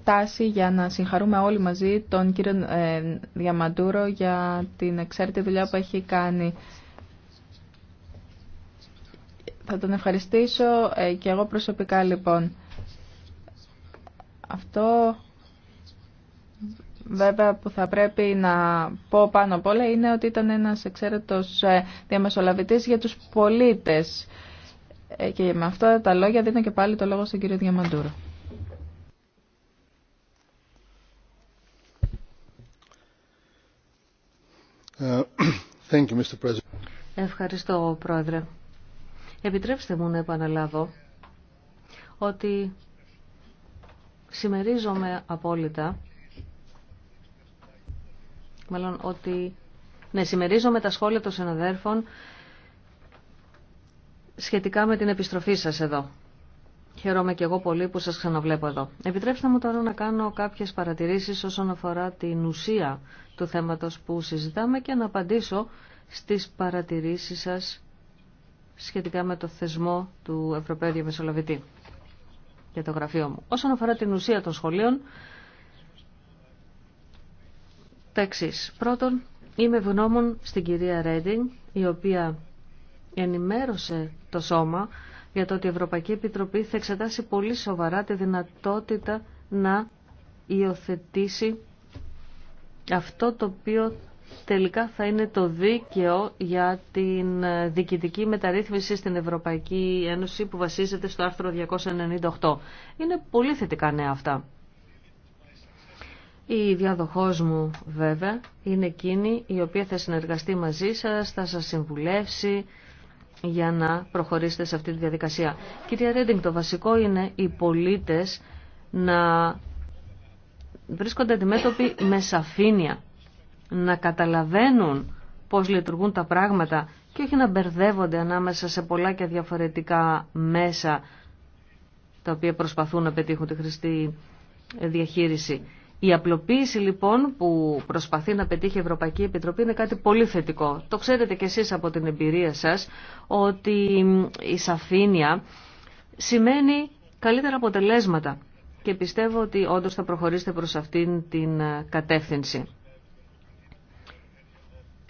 τάση για να συγχαρούμε όλοι μαζί τον κύριο ε, Διαμαντούρο για την εξαίρετη δουλειά που έχει κάνει θα τον ευχαριστήσω ε, και εγώ προσωπικά λοιπόν. Αυτό βέβαια που θα πρέπει να πω πάνω απ' όλα είναι ότι ήταν ένας εξαίρετος ε, διαμεσολαβητής για τους πολίτες. Ε, και με αυτά τα λόγια δίνω και πάλι το λόγο στον κύριο Διαμαντούρο. (clears throat) Thank you, Ευχαριστώ, Πρόεδρε. Επιτρέψτε μου να επαναλάβω ότι συμμερίζομαι απόλυτα, μάλλον ότι, ναι, συμμερίζομαι τα σχόλια των συναδέρφων σχετικά με την επιστροφή σας εδώ. Χαίρομαι και εγώ πολύ που σας ξαναβλέπω εδώ. Επιτρέψτε μου τώρα να κάνω κάποιες παρατηρήσεις όσον αφορά την ουσία του θέματος που συζητάμε και να απαντήσω στις παρατηρήσεις σας σχετικά με το θεσμό του Ευρωπαίου Διαμεσολαβητή για το γραφείο μου. Όσον αφορά την ουσία των σχολείων, τα εξή. Πρώτον, είμαι ευγνώμων στην κυρία Ρέντινγκ, η οποία ενημέρωσε το σώμα για το ότι η Ευρωπαϊκή Επιτροπή θα εξετάσει πολύ σοβαρά τη δυνατότητα να υιοθετήσει αυτό το οποίο τελικά θα είναι το δίκαιο για την ε, διοικητική μεταρρύθμιση στην Ευρωπαϊκή Ένωση που βασίζεται στο άρθρο 298. Είναι πολύ θετικά νέα αυτά. Η διαδοχός μου βέβαια είναι εκείνη η οποία θα συνεργαστεί μαζί σας, θα σας συμβουλεύσει για να προχωρήσετε σε αυτή τη διαδικασία. Κυρία Ρέντινγκ, το βασικό είναι οι πολίτες να βρίσκονται αντιμέτωποι με σαφήνεια να καταλαβαίνουν πώς λειτουργούν τα πράγματα και όχι να μπερδεύονται ανάμεσα σε πολλά και διαφορετικά μέσα τα οποία προσπαθούν να πετύχουν τη χρηστή διαχείριση. Η απλοποίηση λοιπόν που προσπαθεί να πετύχει η Ευρωπαϊκή Επιτροπή είναι κάτι πολύ θετικό. Το ξέρετε κι εσείς από την εμπειρία σας ότι η σαφήνεια σημαίνει καλύτερα αποτελέσματα και πιστεύω ότι όντως θα προχωρήσετε προς αυτήν την κατεύθυνση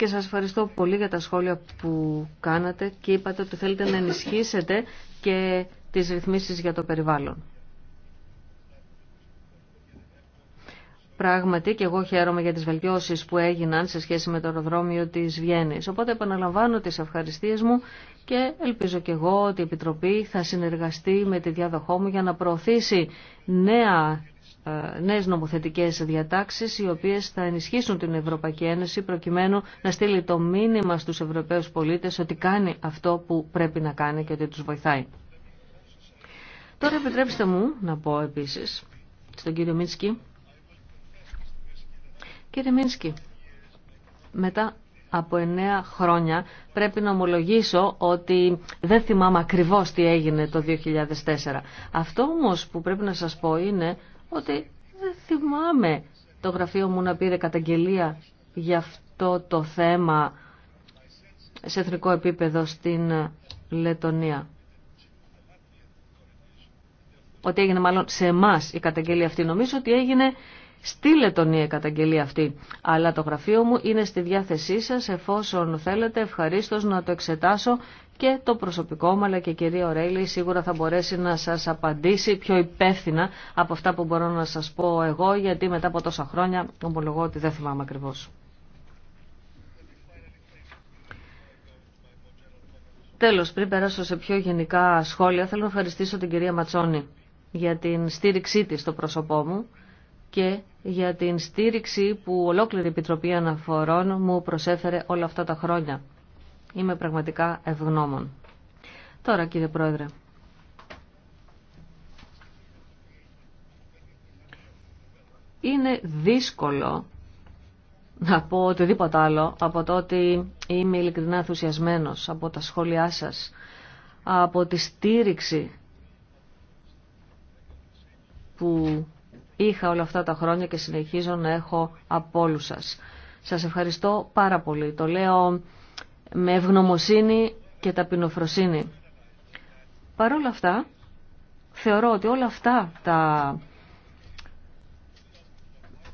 και σας ευχαριστώ πολύ για τα σχόλια που κάνατε και είπατε ότι θέλετε να ενισχύσετε και τις ρυθμίσεις για το περιβάλλον. Πράγματι και εγώ χαίρομαι για τις βελτιώσεις που έγιναν σε σχέση με το αεροδρόμιο της Βιέννης. Οπότε επαναλαμβάνω τις ευχαριστίες μου και ελπίζω και εγώ ότι η Επιτροπή θα συνεργαστεί με τη διάδοχό μου για να προωθήσει νέα ε, νέες νομοθετικές διατάξεις οι οποίες θα ενισχύσουν την Ευρωπαϊκή Ένωση προκειμένου να στείλει το μήνυμα στους Ευρωπαίους πολίτες ότι κάνει αυτό που πρέπει να κάνει και ότι τους βοηθάει. Τώρα επιτρέψτε μου να πω επίσης στον κύριο Μίνσκι. Κύριε Μίνσκι, μετά από εννέα χρόνια πρέπει να ομολογήσω ότι δεν θυμάμαι ακριβώς τι έγινε το 2004. Αυτό όμως που πρέπει να σας πω είναι ότι δεν θυμάμαι το γραφείο μου να πήρε καταγγελία για αυτό το θέμα σε εθνικό επίπεδο στην Λετωνία. Ότι έγινε μάλλον σε εμά η καταγγελία αυτή. Νομίζω ότι έγινε στη Λετωνία η καταγγελία αυτή. Αλλά το γραφείο μου είναι στη διάθεσή σας εφόσον θέλετε ευχαρίστως να το εξετάσω και το προσωπικό μου αλλά και η κυρία Ορέλη σίγουρα θα μπορέσει να σας απαντήσει πιο υπεύθυνα από αυτά που μπορώ να σας πω εγώ γιατί μετά από τόσα χρόνια ομολογώ ότι δεν θυμάμαι ακριβώς. Τέλος, πριν περάσω σε πιο γενικά σχόλια, θέλω να ευχαριστήσω την κυρία Ματσόνη για την στήριξή της στο πρόσωπό μου και για την στήριξη που ολόκληρη η Επιτροπή Αναφορών μου προσέφερε όλα αυτά τα χρόνια. Είμαι πραγματικά ευγνώμων. Τώρα κύριε Πρόεδρε. Είναι δύσκολο να πω οτιδήποτε άλλο από το ότι είμαι ειλικρινά ενθουσιασμένο από τα σχόλιά σας, από τη στήριξη που είχα όλα αυτά τα χρόνια και συνεχίζω να έχω από όλους σας. Σας ευχαριστώ πάρα πολύ. Το λέω με ευγνωμοσύνη και ταπεινοφροσύνη. Παρ' όλα αυτά, θεωρώ ότι όλα αυτά τα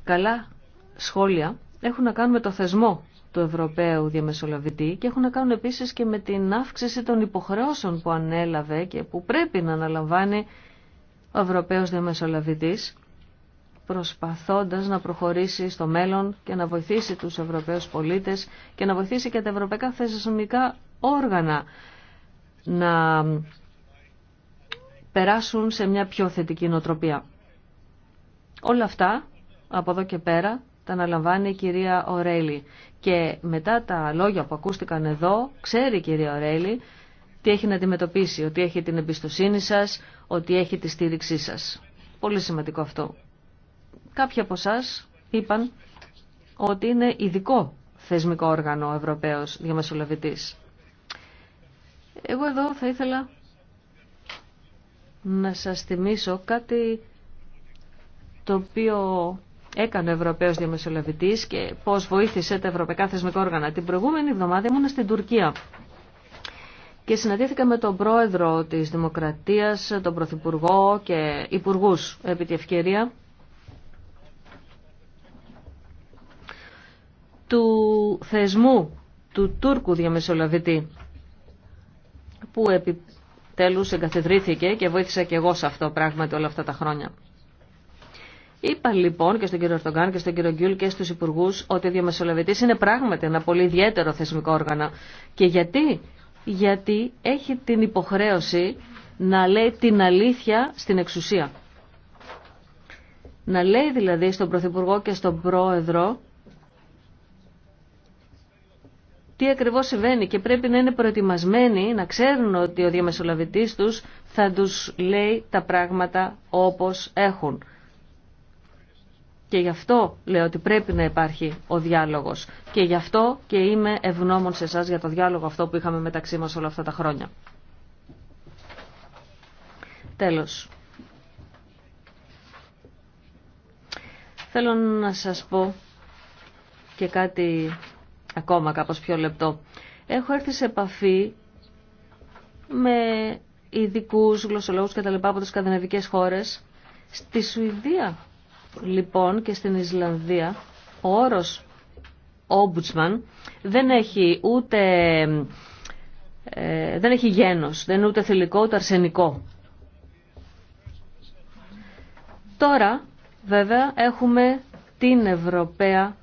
καλά σχόλια έχουν να κάνουν με το θεσμό του Ευρωπαίου Διαμεσολαβητή και έχουν να κάνουν επίσης και με την αύξηση των υποχρεώσεων που ανέλαβε και που πρέπει να αναλαμβάνει ο Ευρωπαίος Διαμεσολαβητής προσπαθώντας να προχωρήσει στο μέλλον και να βοηθήσει τους Ευρωπαίους πολίτες και να βοηθήσει και τα ευρωπαϊκά θεσμικά όργανα να περάσουν σε μια πιο θετική νοοτροπία. Όλα αυτά, από εδώ και πέρα, τα αναλαμβάνει η κυρία Ορέλη. Και μετά τα λόγια που ακούστηκαν εδώ, ξέρει η κυρία Ορέλη τι έχει να αντιμετωπίσει, ότι έχει την εμπιστοσύνη σας, ότι έχει τη στήριξή σας. Πολύ σημαντικό αυτό. Κάποιοι από εσά είπαν ότι είναι ειδικό θεσμικό όργανο ο Ευρωπαίος Διαμεσολαβητής. Εγώ εδώ θα ήθελα να σας θυμίσω κάτι το οποίο έκανε ο Ευρωπαίος Διαμεσολαβητής και πώς βοήθησε τα ευρωπαϊκά θεσμικά όργανα. Την προηγούμενη εβδομάδα ήμουν στην Τουρκία και συναντήθηκα με τον πρόεδρο της Δημοκρατίας, τον Πρωθυπουργό και υπουργούς επί τη ευκαιρία του θεσμού του Τούρκου διαμεσολαβητή που επιτέλους εγκαθιδρύθηκε και βοήθησα και εγώ σε αυτό πράγματι όλα αυτά τα χρόνια. Είπα λοιπόν και στον κύριο Ορτογκάν και στον κύριο Γκιούλ και στους υπουργούς ότι ο διαμεσολαβητής είναι πράγματι ένα πολύ ιδιαίτερο θεσμικό όργανο. Και γιατί? Γιατί έχει την υποχρέωση να λέει την αλήθεια στην εξουσία. Να λέει δηλαδή στον Πρωθυπουργό και στον Πρόεδρο τι ακριβώς συμβαίνει και πρέπει να είναι προετοιμασμένοι να ξέρουν ότι ο διαμεσολαβητής τους θα τους λέει τα πράγματα όπως έχουν. Και γι' αυτό λέω ότι πρέπει να υπάρχει ο διάλογος. Και γι' αυτό και είμαι ευγνώμων σε εσά για το διάλογο αυτό που είχαμε μεταξύ μας όλα αυτά τα χρόνια. Τέλος. Θέλω να σας πω και κάτι ακόμα κάπως πιο λεπτό. Έχω έρθει σε επαφή με ειδικού γλωσσολόγους και τα λοιπά από τις σκανδιναβικές χώρες. Στη Σουηδία λοιπόν και στην Ισλανδία ο όρος Όμπουτσμαν δεν έχει ούτε ε, δεν έχει γένος, δεν είναι ούτε θηλυκό ούτε αρσενικό. Τώρα βέβαια έχουμε την Ευρωπαία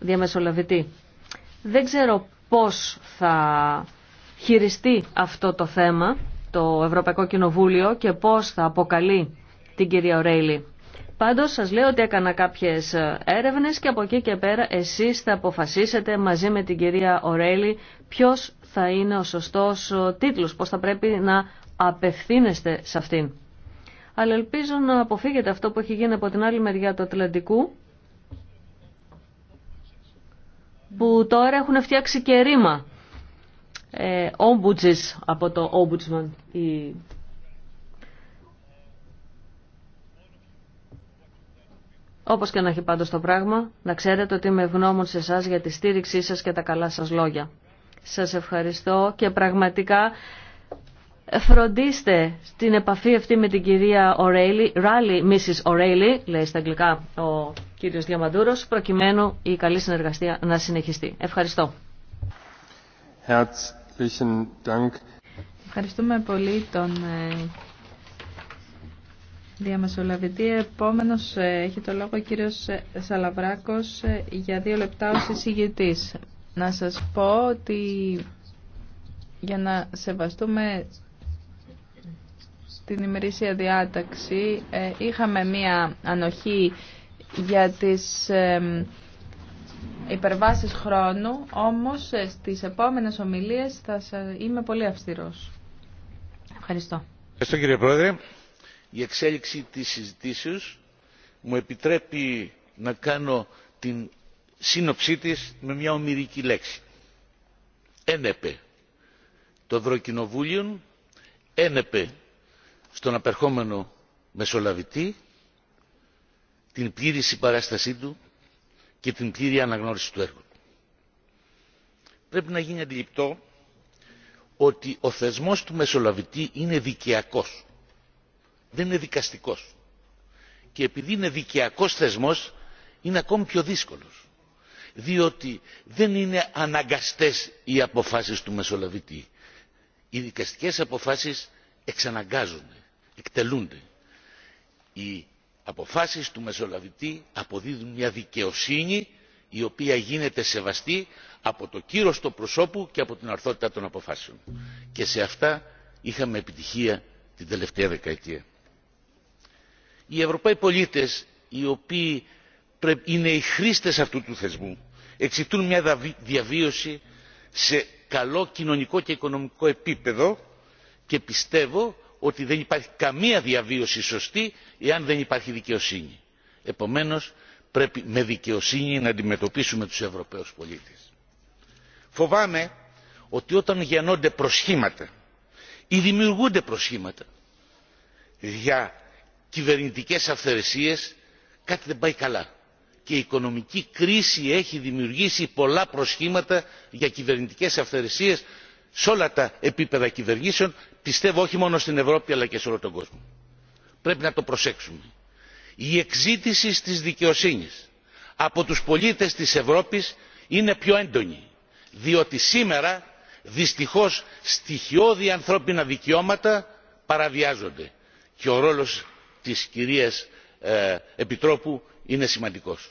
διαμεσολαβητή. Δεν ξέρω πώς θα χειριστεί αυτό το θέμα το Ευρωπαϊκό Κοινοβούλιο και πώς θα αποκαλεί την κυρία Ορέιλη. Πάντως σας λέω ότι έκανα κάποιες έρευνες και από εκεί και πέρα εσείς θα αποφασίσετε μαζί με την κυρία Ορέιλη ποιος θα είναι ο σωστός τίτλος, πώς θα πρέπει να απευθύνεστε σε αυτήν. Αλλά ελπίζω να αποφύγετε αυτό που έχει γίνει από την άλλη μεριά του Ατλαντικού που τώρα έχουν φτιάξει και ρήμα. Ε, από το Ombudsman. Η... Όπως και να έχει πάντως το πράγμα, να ξέρετε ότι είμαι ευγνώμων σε εσά για τη στήριξή σας και τα καλά σας λόγια. Σας ευχαριστώ και πραγματικά Φροντίστε την επαφή αυτή με την κυρία O'Reilly, Mrs. O'Reilly, λέει στα αγγλικά ο κύριος Διαμαντούρος, προκειμένου η καλή συνεργασία να συνεχιστεί. Ευχαριστώ. Ευχαριστούμε πολύ τον ε, διαμεσολαβητή. Επόμενος ε, έχει το λόγο ο κύριος ε, Σαλαβράκος για δύο λεπτά ως εισηγητής. Να σας πω ότι για να σεβαστούμε την ημερήσια διάταξη ε, είχαμε μία ανοχή για τις υπερβάσεις χρόνου, όμως ε, στις επόμενες ομιλίες θα είμαι πολύ αυστηρός. Ευχαριστώ. Ευχαριστώ κύριε Πρόεδρε. Η εξέλιξη της συζητήσεως μου επιτρέπει να κάνω την σύνοψή της με μια ομοιρική λέξη. Ένεπε το Ευρωκοινοβούλιο, ένεπε στον απερχόμενο μεσολαβητή την πλήρη συμπαράστασή του και την πλήρη αναγνώριση του έργου του. Πρέπει να γίνει αντιληπτό ότι ο θεσμός του μεσολαβητή είναι δικαιακός. Δεν είναι δικαστικός. Και επειδή είναι δικαιακός θεσμός είναι ακόμη πιο δύσκολος. Διότι δεν είναι αναγκαστές οι αποφάσεις του μεσολαβητή. Οι δικαστικές αποφάσεις εξαναγκάζονται εκτελούνται. Οι αποφάσεις του Μεσολαβητή αποδίδουν μια δικαιοσύνη η οποία γίνεται σεβαστή από το κύρος του προσώπου και από την αρθότητα των αποφάσεων. Και σε αυτά είχαμε επιτυχία την τελευταία δεκαετία. Οι Ευρωπαίοι πολίτες οι οποίοι είναι οι χρήστες αυτού του θεσμού εξητούν μια διαβίωση σε καλό κοινωνικό και οικονομικό επίπεδο και πιστεύω ότι δεν υπάρχει καμία διαβίωση σωστή εάν δεν υπάρχει δικαιοσύνη. επομένως πρέπει με δικαιοσύνη να αντιμετωπίσουμε τους ευρωπαίους πολίτες. φοβάμαι ότι όταν γεννώνται προσχήματα ή δημιουργούνται προσχήματα για κυβερνητικές αυθαιρεσίες κάτι δεν πάει καλά και η οικονομική κρίση έχει δημιουργήσει πολλά προσχήματα για κυβερνητικές αυθαιρεσίες σε όλα τα επίπεδα κυβερνήσεων πιστεύω όχι μόνο στην ευρώπη αλλά και σε όλο τον κόσμο. πρέπει να το προσέξουμε. η εξήτηση τη δικαιοσύνης από τους πολίτες της ευρώπης είναι πιο έντονη διότι σήμερα δυστυχώς στοιχειώδη ανθρώπινα δικαιώματα παραβιάζονται και ο ρόλος της κυρίας ε, επιτρόπου είναι σημαντικός.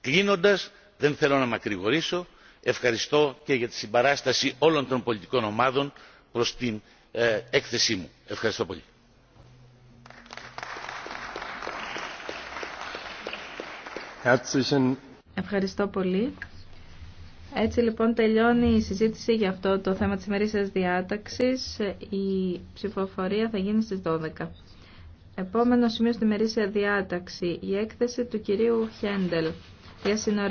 Κλείνοντα, δεν θέλω να μακρηγορήσω ευχαριστώ και για τη συμπαράσταση όλων των πολιτικών ομάδων προ την ε, έκθεσή μου. Ευχαριστώ πολύ. Ευχαριστώ πολύ. Έτσι λοιπόν τελειώνει η συζήτηση για αυτό το θέμα της ημερήσιας διάταξης. Η ψηφοφορία θα γίνει στις 12. Επόμενο σημείο στη ημερήσια διάταξη, η έκθεση του κυρίου Χέντελ για